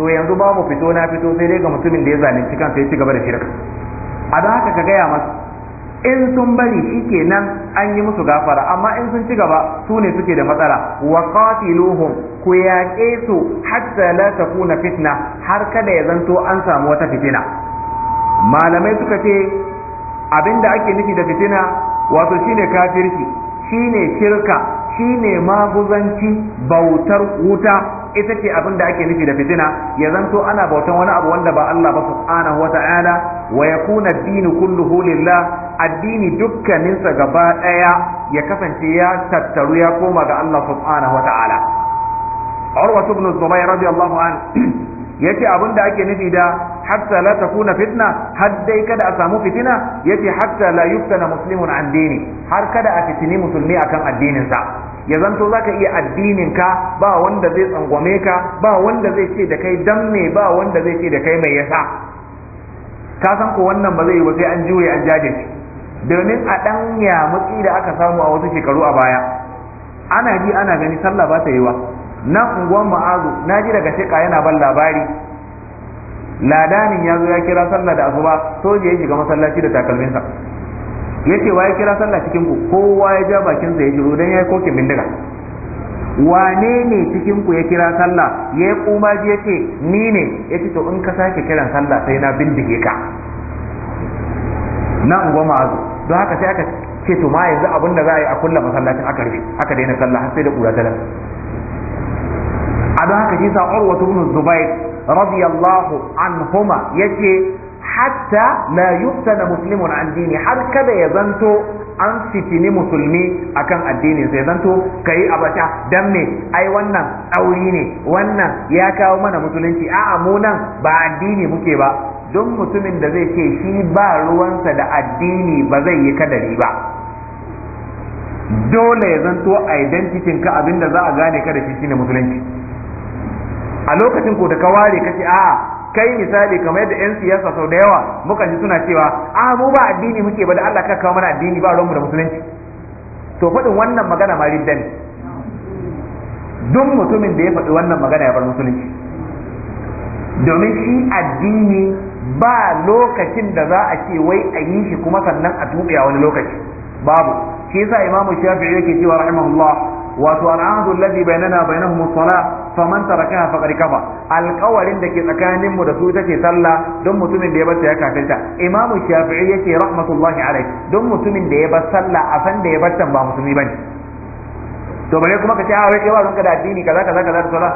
to yanzu babu fito na fito sai dai ga mutumin da ya zalunci kansa ya ci gaba da shirka a don haka ka gaya masa in sun bari nan an yi musu gafara amma in sun ci gaba su ne suke da matsala wa qatiluhum ku yaƙe su hatta la takuna fitna har kada ya zanto an samu wata fitina malamai suka ce abinda ake nufi da fitina wato shine kafirci shine shirka shine maguzanci bautar wuta ita ce abin da ake nufi da fitina ya zanto ana bautan wani abu wanda ba Allah ba subhanahu wata'ala wa yakuna ad-dinu kulluhu lillah addini dukkaninsa gaba daya ya kasance ya tattaru ya koma ga Allah subhanahu wata'ala Urwa ibn Zubayr radiyallahu an yace abin da ake nufi da hatta la takuna fitna har dai kada a samu fitina yace hatta la yuftana muslimun an dini har kada a fitini musulmi akan addinin sa ya zanto ka iya addininka ba wanda zai tsangwame ka ba wanda zai ce da kai dan me ba wanda zai ce da kai mai yasa ka san ko wannan ba zai yi ba sai an juye an jajirce domin a dan mutsi da aka samu a wasu shekaru a baya ana ji ana gani sallah ba ta yi wa na unguwan ma'azu na ji daga sheka yana ban labari ladanin ya zo ya kira sallah da asuba soja ya shiga masallaci da takalminsa Ya ce wa ya kira sallah cikin ku kowa ya ja bakin sa ya jiro dan yayi koke bindiga wane ne cikin ku ya kira sallah ya yi kumaji ya ce ni ne ya ce to in ka sake kiran sallah sai na bindige ka na unguwa azu don haka sai aka ce to ma yanzu abin da za a yi a kulla masallacin aka rufe aka daina sallah har sai da kura talar a don haka shi sa urwatu bin zubair radiyallahu anhuma yace hatta la yuftana muslimun an dini har kada ya zanto an fitini musulmi akan addini sai zanto kai abata dan me ai wannan tsauri ne wannan ya kawo mana musulunci a'a mu nan ba addini muke ba don mutumin da zai ce shi ba ruwansa da addini ba zai yi kadari ba dole ya zanto identity ka abinda za a gane ka da shi shine musulunci a lokacin ko da ka ware kace a'a kai misali kamar yadda yan siyasa sau da yawa muka ji suna cewa a mu ba addini muke ba da Allah ka kawo mana addini ba ruwanmu da musulunci to faɗin wannan magana ma ridda ne duk mutumin da ya faɗi wannan magana ya bar musulunci domin shi addini ba lokacin da za a ce wai a yi shi kuma sannan a tuɓe a wani lokaci babu shi yasa imamu shafi'i yake cewa rahimahullah wato al'ahdu alladhi bainana bainahum as-salah faman tarakaha faqad kafa alqawarin da ke tsakanin mu da su ita ce sallah don mutumin da ya bata ya kafirta imamu shafi'i yake rahmatullahi alaihi don mutumin da ya bar sallah a san da ya bata ba musulmi bane to bare kuma ka ce a ah, wai kai ba ranka da addini kaza kaza kaza da sallah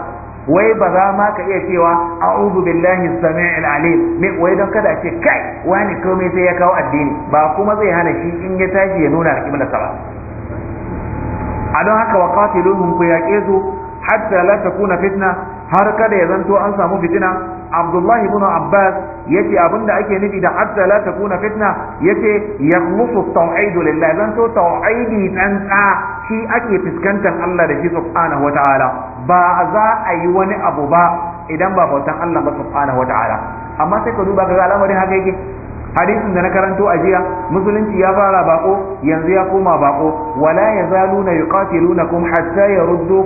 wai ba za ma ka iya cewa a'udhu billahi samii'il alim me wai don kada ce kai wani komai sai ya kawo addini ba kuma zai hana shi in ya tashi ya nuna alƙiblar sa ba a don haka wa qatiluhum ku yaƙe su hatta la takuna fitna har kada ya zanto an samu fitina abdullahi ibn abbas yace abinda ake nufi da hatta la takuna fitna yace yakhlusu tauhid lillahi zanto tauhidi dan tsa shi ake fuskantar Allah da shi subhanahu wataala ba za a yi wani abu ba idan ba bautan Allah ba subhanahu wataala amma sai ka duba ga al'amarin haka yake hadisin da na karanto a jiya musulunci ya fara bako yanzu ya koma bako wala yazaluna yuqatilunakum hatta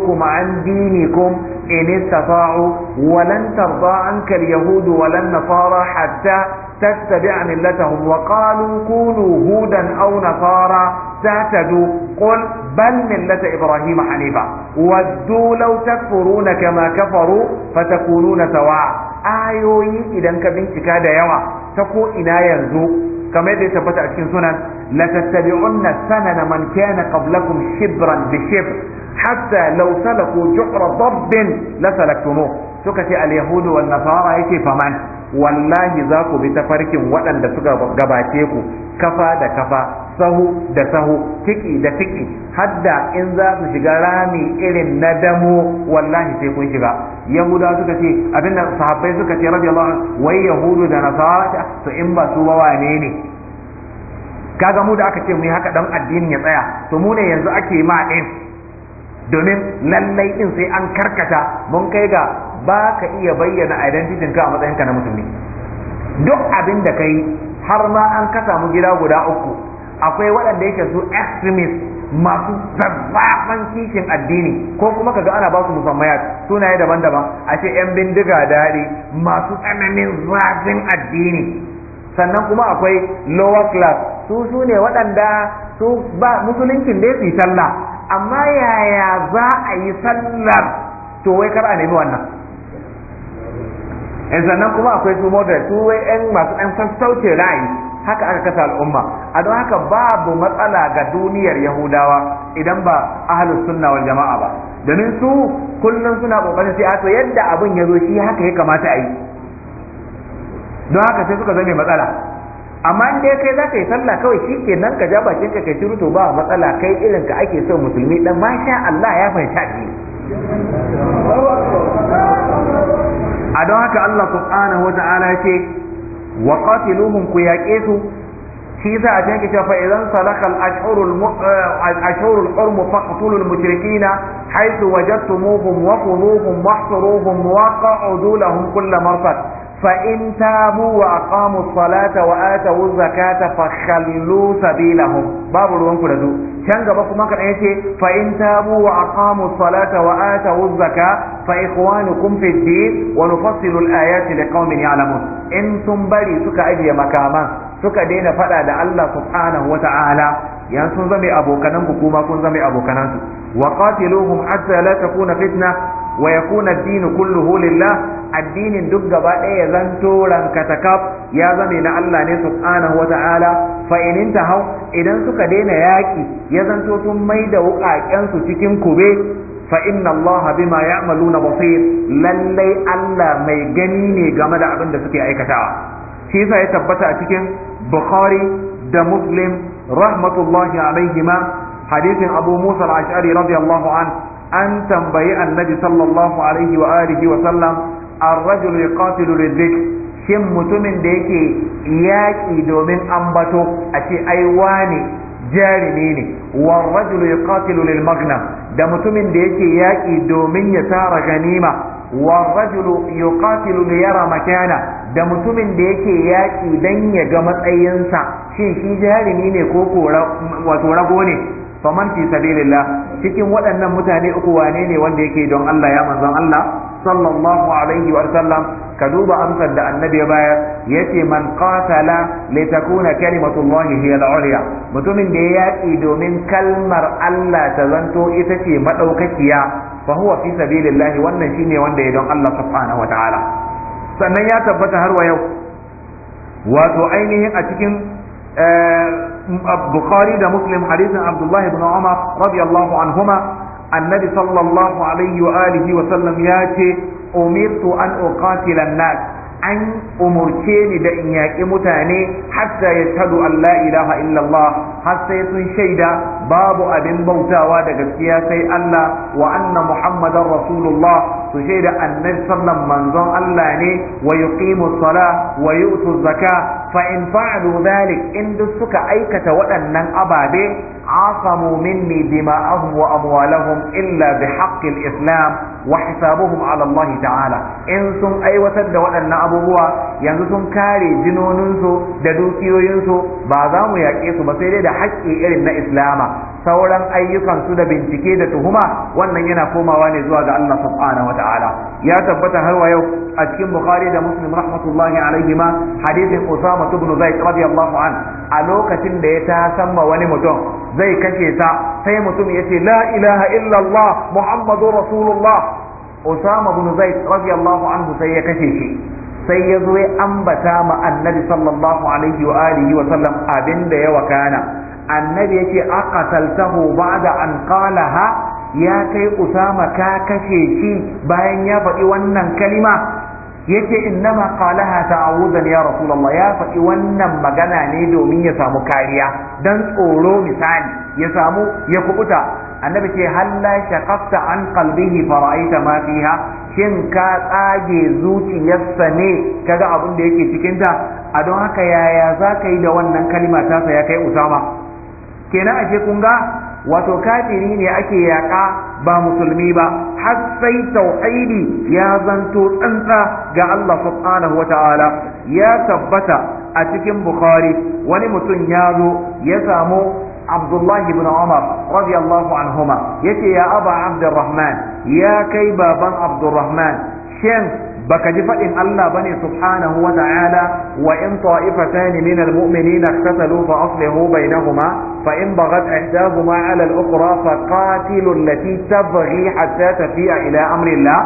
kuma an dinikum in istata'u wa lan tarda anka al-yahud wa lan nasara hatta tattabi'a millatahum wa qalu kunu hudan aw nasara tahtadu qul bal millata ibrahima hanifa waddu law takfuruna kama kafaru fatakununa sawa'a ayoyi idan ka bincika da yawa ta ko ina yanzu kamar yadda ya tabbata a cikin sunan la tattabi'unna sanana man kana qablakum shibran bi shibr hatta law salaku juhra dabbin la salaktumuh suka ce al yahudu wan nasara yake faman wallahi za ku bi tafarkin waɗanda suka gabace ku kafa da kafa sahu da sahu tiki da tiki hadda in za su shiga rami irin na damo wallahi sai kun shiga yahuda suka ce abinda sahabbai suka ce rabi Allah wai yahudu da nasara to in ba su ba wane ne kaga mu da aka ce mu haka dan addinin ya tsaya to mu ne yanzu ake ma din domin lallai din sai an karkata mun kai ga baka iya bayyana identity ka a matsayinka na musulmi duk abin da kai har ma an kasa mu gida guda uku akwai waɗanda yake su extremist masu zazzafan kishin addini ko kuma kaga ana ba su musammayat sunaye daban-daban a ce 'yan bindiga daɗi masu tsananin zafin addini sannan kuma akwai lower class su su ne waɗanda su ba musuluncin dai su yi sallah amma yaya za a yi sallar to wai kar a nemi wannan eh, sannan kuma akwai su model su wai 'yan masu ɗan sassauce ra'ayi haka aka kasa al'umma a don haka babu matsala ga duniyar yahudawa idan ba ahlus sunna wal jama'a ba domin su kullum suna kokarin sai a to yadda abin ya zo shi haka ya kamata a yi don haka sai suka zame matsala amma in dai kai zaka yi sallah kawai shi ke nan ka ja bakin ka kai shiru to ba matsala kai irin ka ake so musulmi dan masha Allah ya fahimci addini a don haka Allah subhanahu wa ta'ala ce wa qatiluhum ku yaƙe su shi za a cikin cewa fa'idan salakal ashurul hurmu faqtulul mushrikina haythu wajadtumuhum wa khudhuhum wahsuruhum wa qa'udu lahum kull marsad فإن تابوا وأقاموا الصلاة وآتوا الزكاة فخلوا سبيلهم باب ruwan ku da su can gaba kuma kan yace fa in tabu wa aqamu salata wa atu zakka fa ikhwanukum fi din wa nufassilu al-ayati liqaumin ya'lamun in sun bari suka ajiye makaman suka daina fada da Allah subhanahu wa ta'ala yan sun kuma wa qatiluhum hatta fitna wa yakuna ad-dinu kulluhu lillah addinin duk gaba ɗaya ya zanto rankatakaf ya zame na Allah ne subhanahu wata'ala fa in hau idan suka daina yaƙi ya zanto sun mai da wuƙaƙensu cikin kube fa inna Allah bima ya'maluna basir lallai Allah mai gani ne game da abin da suke aikatawa shi ya tabbata a cikin Bukhari da Muslim rahmatullahi alaihima hadisin Abu Musa al-Ash'ari radiyallahu an tambayi annabi sallallahu alaihi wa alihi wa sallam ar-rajul yuqatilu lidhik shin mutumin da yake yaƙi domin ambato a ce ai wane jarimi ne war rajul yuqatilu lil da mutumin da yake yaƙi domin ya tara ganima war rajul yuqatilu li makana da mutumin da yake yaƙi dan ya ga matsayinsa shin shi jarimi ne ko wato rago ne faman fi sabilillah cikin waɗannan mutane uku wane ne wanda yake don Allah ya manzon Allah sallallahu alaihi wa sallam ka duba amsar da annabi ya bayar yace man qatala li takuna kalimatullahi hiya al-ulya mutumin da ya yaki domin kalmar Allah ta zanto ita ce madaukakiya fa huwa fi sabilillah wannan shine wanda ya don Allah subhanahu wa ta'ala sannan ya tabbata har wa yau wato ainihin a cikin eh, bukhari da muslim hadisin abdullahi ibn umar radiyallahu anhuma annabi sallallahu alaihi wa wa sallam ya ce umirtu an uqatila an-nas an umurce ni da in yaƙi mutane hatta ya tadu Allah ilaha illallah har sai sun shaida babu abin bautawa da gaskiya sai Allah wa anna muhammadan rasulullah su shaida annabi sallan manzon Allah ne wa yuqimu sala wa yu'tu zaka fa in fa'alu dhalik in duk suka aikata waɗannan ababe asamu minni dima'ahum wa amwalahum illa bihaqqi al-islam wa hisabuhum ala Allah ta'ala in sun aiwatar da waɗannan abubuwa yanzu sun kare jinoninsu da dukiyoyinsu ba za mu yaƙe su ba sai dai da haƙƙi irin na islama sauran ayyukan su da bincike da tuhuma wannan yana komawa ne zuwa ga Allah subhanahu wataala ya tabbata har wa yau a cikin bukhari da muslim rahmatullahi alaihima hadisin usama ibn zaid radiyallahu an a lokacin da ya tasamma wani mutum zai kashe ta sai mutum ya ce la ilaha illallah muhammadu rasulullah usama ibn zaid radiyallahu anhu sai ya kashe shi sai ya zo ya ambata ma annabi sallallahu alaihi wa alihi wa sallam abinda ya wakana annabi yace aqataltahu ba'da an qalaha ya kai usama ka kashe shi bayan ya faɗi wannan kalima yace innama ta ta'awudan ya rasulallah ya faɗi wannan magana ne domin ya samu kariya dan tsoro misali ya samu ya kubuta annabi ce halla shaqafta an kalbihi fara'aita ma fiha shin ka tsage zuciyarsa ne kaga abin da yake cikin ta a don haka yaya za ka yi da wannan kalima ta ya kai usama kenan ashe kun ga wato kafiri ne ake yaƙa ba musulmi ba har sai tauhidi ya zanto tsantsa ga Allah subhanahu wata'ala ya tabbata a cikin bukhari wani mutum ya zo ya samu abdullahi ibn umar radiyallahu anhuma ce ya aba abdurrahman ya kai baban abdurrahman shan. baka ji faɗin Allah bane subhanahu wa ta'ala wa in ta'ifatan min almu'minina ikhtatalu fa aslihu bainahuma fa in baghat ihdahuma 'ala al-ukhra fa qatilu allati tabghi hatta tafi'a ila amri Allah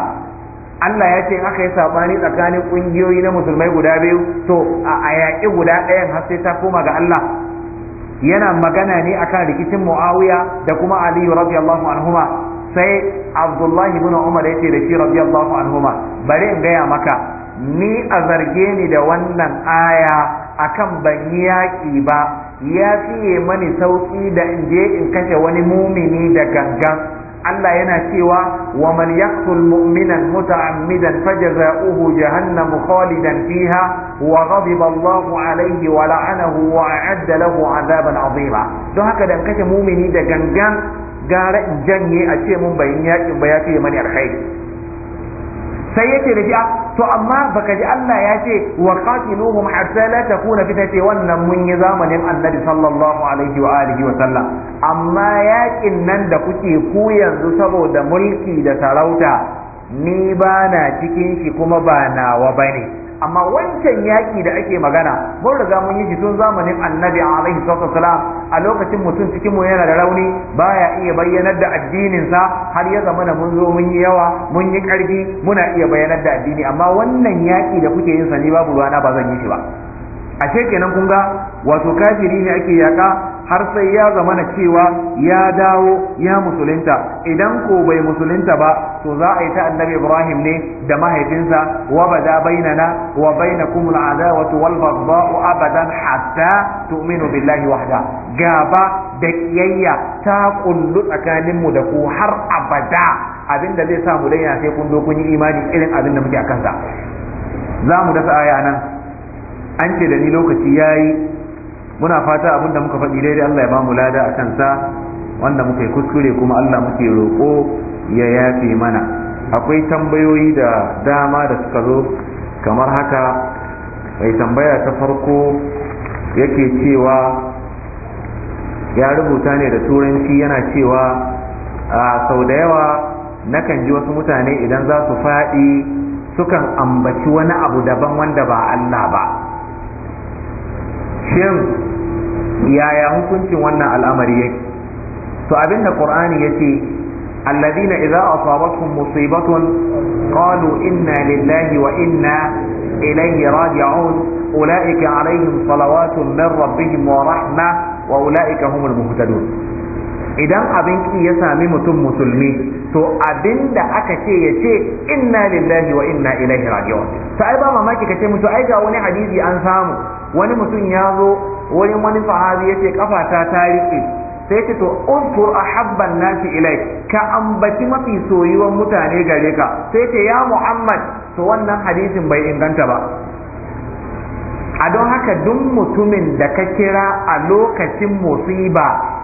Allah ya ce aka yi sabani tsakanin kungiyoyi na musulmai guda biyu to a yaƙi guda ɗayan har sai ta koma ga Allah yana magana ne akan rikicin Muawiya da kuma Ali radiyallahu anhuma sai abdullahi bin umar ya ce da shi radiyallahu anhuma bari in gaya maka ni a zarge ni da wannan aya akan ban yi yaƙi ba ya fiye mani sauƙi da in je in kashe wani mumini da gangan Allah yana cewa wa man yaqtul mu'minan muta'ammidan fajza'uhu jahannam khalidan fiha wa ghadiba Allahu alayhi wa la'anahu wa a'adda lahu 'adaban 'azima don haka dan kashe mumini da gangan gara in janye a ce mun bayin yakin ba ya fiye mani alkhairi sai yace da ah, ji'a? to amma baka ji Allah ya ce wa qatiluhum hatta la takuna fitna ce wannan mun yi zamanin Annabi sallallahu alaihi wa alihi wa sallam amma yakin nan da kuke ku yanzu saboda mulki da sarauta ni ba na cikin shi kuma ba nawa bane amma wancan yaƙi da ake magana mun riga mun yi shi tun zamanin annabi alaihi wasalam a lokacin mutum cikin mu yana da rauni baya iya bayyanar da addininsa har ya zama da mun zo mun yi yawa mun yi ƙarfi muna iya bayyanar da addini amma wannan yaƙi da kuke yin sani babu ruwana ba zan yi shi ba A kenan kun ga wato kafiri ne ake yaka? har sai ya zamana cewa ya dawo ya musulunta idan ko bai musulunta ba to za a yi ta annabi Ibrahim ne da mahaifinsa wa bada bainana wa bainakum al'adawatu wal baghdha'u abadan hatta tu'minu billahi wahda gaba da kiyayya ta kullu tsakaninmu da ku har abada abin da zai sa mu daina sai kun zo kun yi imani irin abin da muke akan sa za mu dasa aya nan an ce da ni lokaci yayi muna fata abin da muka faɗi daidai Allah ya ba mu lada a kansa wanda muka yi kuskure kuma Allah muke roƙo ya yafe mana akwai tambayoyi da dama da suka zo kamar haka mai tambaya ta farko yake cewa ya rubuta ne da turanci yana cewa a sau da yawa nakan ji wasu mutane idan za su faɗi sukan ambaci wani abu daban wanda ba Allah ba shin yaya hukuncin wannan al'amari yake to abin da qur'ani yake alladhina idza asabatkum musibatun qalu inna lillahi wa inna ilayhi raji'un ulaika alaihim salawatun min rabbihim wa rahma wa ulaika humul muhtadun idan abin ki ya sami mutum musulmi to abin da aka ce ya ce inna lillahi wa inna ilaihi raji'un to ai ba mamaki ka ce mutu ai ga wani hadisi an samu wani mutum ya zo wurin wani sahabi ce kafa ta rike sai ce to untur ahabban nasi ilai. ka ambaci mafi soyuwan mutane gare ka sai ce ya muhammad to wannan hadisin bai inganta ba a don haka duk mutumin da ka kira a lokacin musiba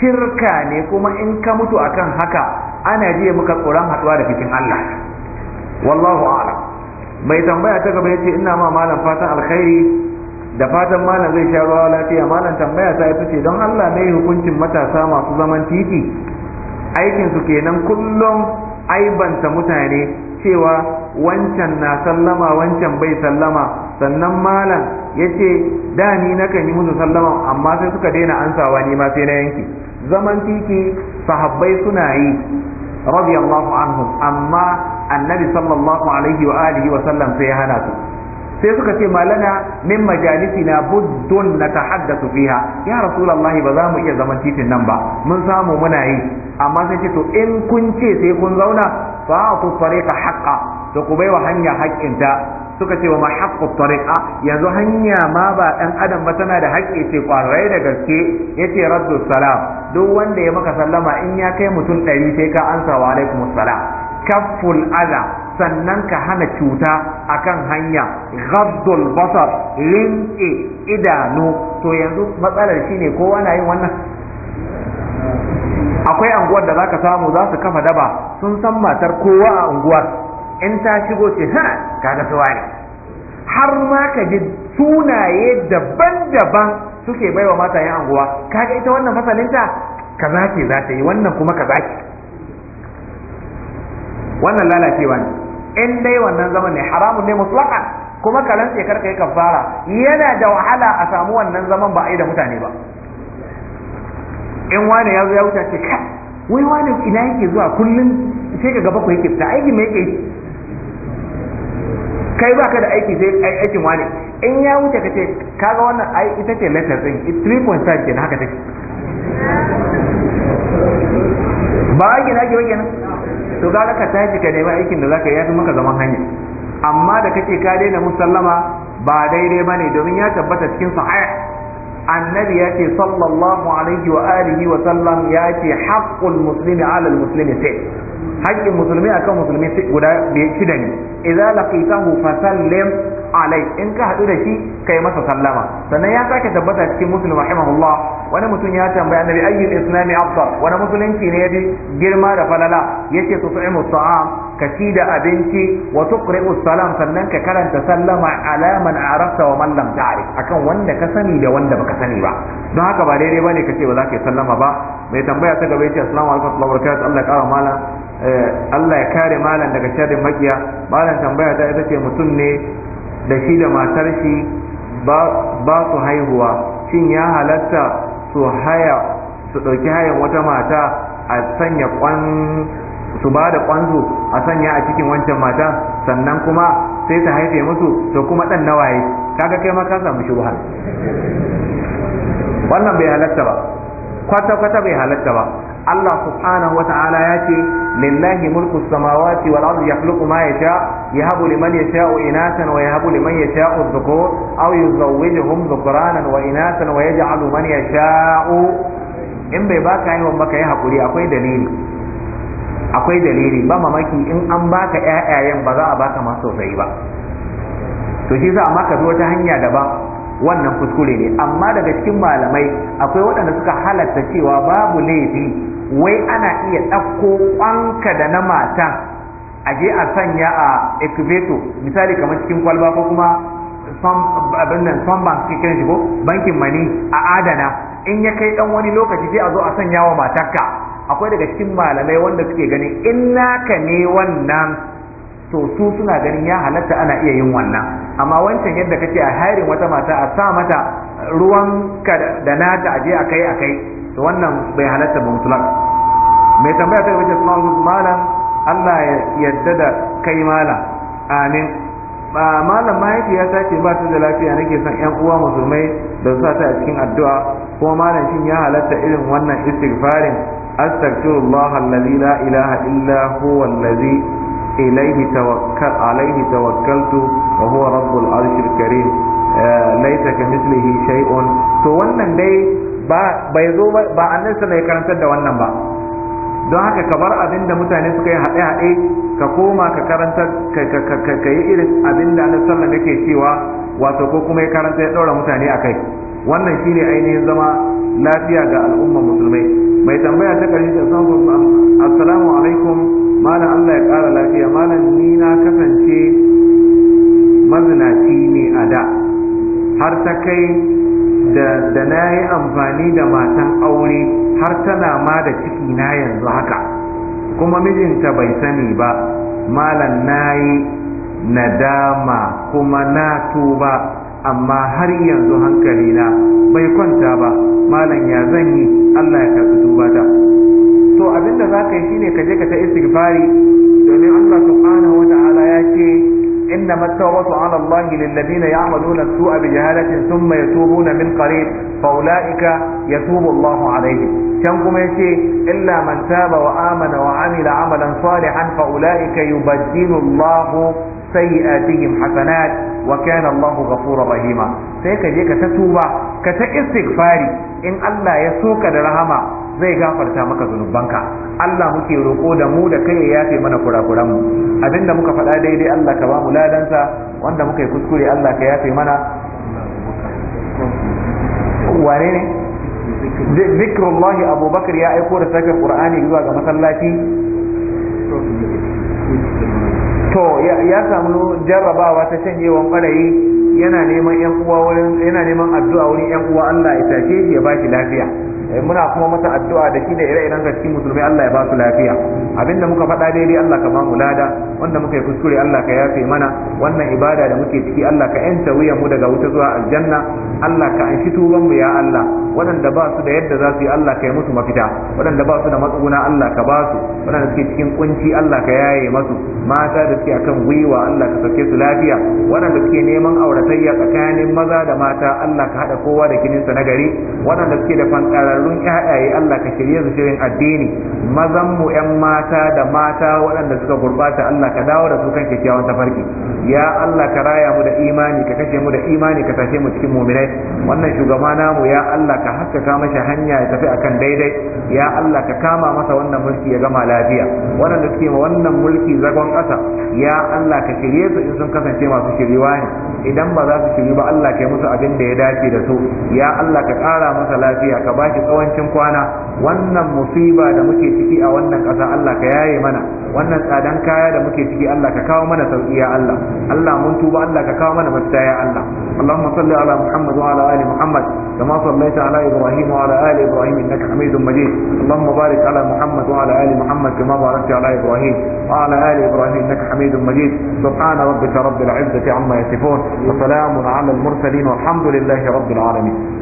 shirka ne kuma in ka mutu akan haka ana jiya muka tsoron haɗuwa da cikin Allah wallahu a'lam mai tambaya ta gaba yace ina ma malam fatan alkhairi da fatan malam zai sha ruwa lafiya malam tambaya ta yace ce don Allah ne hukuncin matasa masu zaman titi aikin su kenan kullum aibanta mutane cewa wancan na sallama wancan bai sallama sannan malam yace da ni nakan yi musu sallama amma sai suka daina ansawa ni ma sai na yanki zaman titi sahabbai suna yi radiyallahu anhum amma annabi sallallahu alaihi wa alihi wa sallam sai ya hana su sai suka ce malana min majalisina buddun na tahaddathu fiha ya rasulullah ba za mu iya zaman titin nan ba mun samu muna yi amma sai ce to in kun ce sai kun zauna fa ku tariqa haqqa to ku baiwa hanya haƙƙinta suka ce wa ma haqqu tariqa yanzu hanya ma ba ɗan adam ba tana da haƙƙi ce kwarai da gaske yace raddu salam duk wanda ya maka sallama in ya kai mutum ɗari sai ka ansa wa alaikum salam kaful ala sannan ka hana cuta a kan hanya ghaddul basar rinke idanu to yanzu matsalar shine kowa na yin wannan akwai anguwar da za ka samu za su kafa daba sun san matar kowa a unguwar in ta shigo ce ha kaga su wane har ma ka ji sunaye daban-daban suke baiwa matayen anguwa kaga ita wannan fasalinta kaza ke za ta yi wannan kuma kaza ke. wannan lalacewa ne in dai wannan zaman ne haramun ne mutlaka kuma kalan sai karka yi kafara yana da wahala a samu wannan zaman ba a yi da mutane ba in wani ya zo ya wuce ce kai wai wani ina yake zuwa kullum sai ka gaba ku yake fita aiki me yake kai ba ka da aiki sai aikin wani in ya wuce ka ce kaga wannan ai ita ce letter din 3.5 kenan haka take ba aikin ake ba kenan to ga ka tashi ka nemi aikin da zaka yi ya fi maka zaman hanya amma da kake ka daina musallama ba daidai bane domin ya tabbata cikin sahih annabi ya ce sallallahu alaihi wa alihi wa sallam ya ce haqqul muslimi ala al muslimi sai haƙƙin musulmi akan musulmi guda shida ne idza laqitahu fasallim alai in ka haɗu da shi kai masa sallama sannan ya sake tabbata cikin muslim rahimahullah wani mutum ya tambaya annabi ayyul islami afdal wani musulunci ne yafi girma da falala yace tu'imu ta'am ka ci da abinci wa tuqri'u salam sannan ka karanta sallama ala man arafta wa man lam ta'rif akan wanda ka sani da wanda baka sani ba don haka ba daidai bane ce ba za ka yi sallama ba mai tambaya ta gaba yace assalamu alaikum wa rahmatullahi wa barakatuh Allah ya kara mala Eh, Allah ya kare malam daga sharrin makiya malam tambaya ta ita ce mutum ne da shi da matar shi ba su haihuwa shin ya halatta su haya su ɗauki hayan wata mata a sanya kwan su ba da kwanzo a sanya a cikin wancan mata sannan kuma sai ta haife musu to kuma ɗan nawaye kaga kai ma ka samu shubha wannan bai halatta ba kwata kwata bai halatta ba Allah subhanahu wa ta'ala ya ce lillahi mulku samawati wal ardi yakhluqu ma yasha yahabu liman yasha'u inatan wa yahabu liman yasha'u dhukur aw yuzawwijuhum dhukranan wa inatan wa yaj'alu man yasha'u in bai baka yawan maka yi hakuri akwai dalili akwai dalili ba mamaki in an baka ƴaƴayen ba za a baka ma sosai ba to shi za a maka bi wata hanya daban wannan kuskure ne amma daga cikin malamai akwai waɗanda suka halatta cewa babu laifi wai ana iya ɗauko kwanka da na mata a je a sanya a ekubeto misali kamar cikin kwalba ko kuma nan son bank cikin shi ko bankin mani a adana in ya kai ɗan wani lokaci sai a zo a sanya wa matarka akwai daga cikin malamai wanda suke ganin in naka ne wannan to su suna ganin ya halatta ana iya yin wannan amma wancan yadda kace a harin wata mata a sa mata ruwan da nata aje a kai a kai to wannan bai halatta ba mutlak mai tambaya ta wajen suna wasu malam Allah ya yadda da kai malam amin ba malam mahaifiyata ce ba su da lafiya nake son yan uwa musulmai da sa ta a cikin addu'a kuma malam shin ya halatta irin wannan istighfarin astaghfirullah allazi la ilaha illa huwa allazi ilayhi tawakkal alayhi tawakkaltu wa huwa rabbul arshil karim eh, shay'un to wannan dai ba bai zo ba annansa mai ya karantar da wannan ba don haka ka bar abin da mutane suka yi haɗe haɗe ka koma ka karantar ka yi irin abin da annansa sallallahu yake cewa wato ko kuma ya karanta ya ɗaura mutane a kai wannan shine ainihin zama lafiya ga al'umma musulmai mai tambaya ta ƙarshe da san assalamu alaikum malam Allah ya ƙara lafiya malam ni na kasance mazinaci ne a da har ta kai da na yi amfani da matan aure har tana ma da ciki na yanzu haka kuma mijinta bai sani ba malam na yi nadama kuma na tuba amma har yanzu hankalina bai kwanta ba malam ya zan yi Allah ya karɓi ta. to abinda za ka yi shine ka je ka ta istighfari domin Allah subhanahu wa ta'ala ya ce إنما التوبة على الله للذين يعملون السوء بجهالة ثم يتوبون من قريب فأولئك يتوب الله عليهم كم يشي إلا من تاب وآمن وعمل عملا صالحا فأولئك يبدل الله سيئاتهم حسنات وكان الله غفورا رحيما سيكا جيكا تتوبة كتا استغفاري إن الله يسوك درهما zai gafarta maka zunubanka Allah muke roƙo da mu da kai ya yafe mana kurakuran mu abinda muka faɗa daidai Allah ka ba mu ladansa wanda muka yi kuskure Allah ka yafe mana wane ne zikrullahi abubakar ya aiko da sakar qur'ani zuwa ga masallaci to ya samu jarrabawa ta shanyewan ɓarayi yana neman yan uwa wurin yana neman addu'a wurin yan uwa Allah ya shi ya ba lafiya Eh, muna kuma masa addu'a da shi da ire-iren sa cikin musulmai Allah ya ba su lafiya abinda muka faɗa daidai Allah ka ba mu lada wanda muka yi kuskure Allah ka yafe mana wannan ibada da muke ciki Allah ka yanta wuyan mu daga wuta zuwa aljanna Allah ka anshi tuban mu ya Allah waɗanda ba su da yadda za su yi Allah ka yi musu mafita waɗanda ba su da matsuguna Allah ka ba su waɗanda suke cikin kunci Allah ka yaye masu mata da suke akan gwiwa Allah ka sauke su lafiya waɗanda suke neman auratayya tsakanin maza da mata Allah ka haɗa kowa da kininsa na gari waɗanda suke da fankarar gyararrun ƴaƴaye Allah ka shirye su shirin addini mazan mu ƴan mata da mata waɗanda suka gurɓata Allah ka dawo da su kan kyakkyawan tafarki ya Allah ka raya mu da imani ka kashe mu da imani ka tashe mu cikin mu'minai wannan shugaba namu ya Allah ka haskaka masa hanya ya tafi akan daidai ya Allah ka kama masa wannan mulki ya gama lafiya waɗanda suke ma wannan mulki zagon ƙasa ya Allah ka shirye su in sun kasance masu shiriwa ne idan ba za su shiri ba Allah ka yi musu abin da ya dace da su ya Allah ka ƙara masa lafiya ka ba shi tsawancin kwana wannan musiba da muke ciki a wannan ƙasa Allah ka yaye mana wannan tsadan kaya da muke ciki Allah ka kawo mana sauki ya Allah Allah mun tuba Allah ka kawo mana mafita ya Allah Allahumma salli ala Muhammad wa ala ali Muhammad kama sallaita ala Ibrahim wa ala ali Ibrahim innaka Hamidum Majid Allahumma barik ala Muhammad wa ala ali Muhammad kama barakta ala Ibrahim wa ala ali Ibrahim innaka Hamidum Majid subhana rabbika rabbil izzati amma yasifun wa salamun ala al mursalin والحمد لله رب العالمين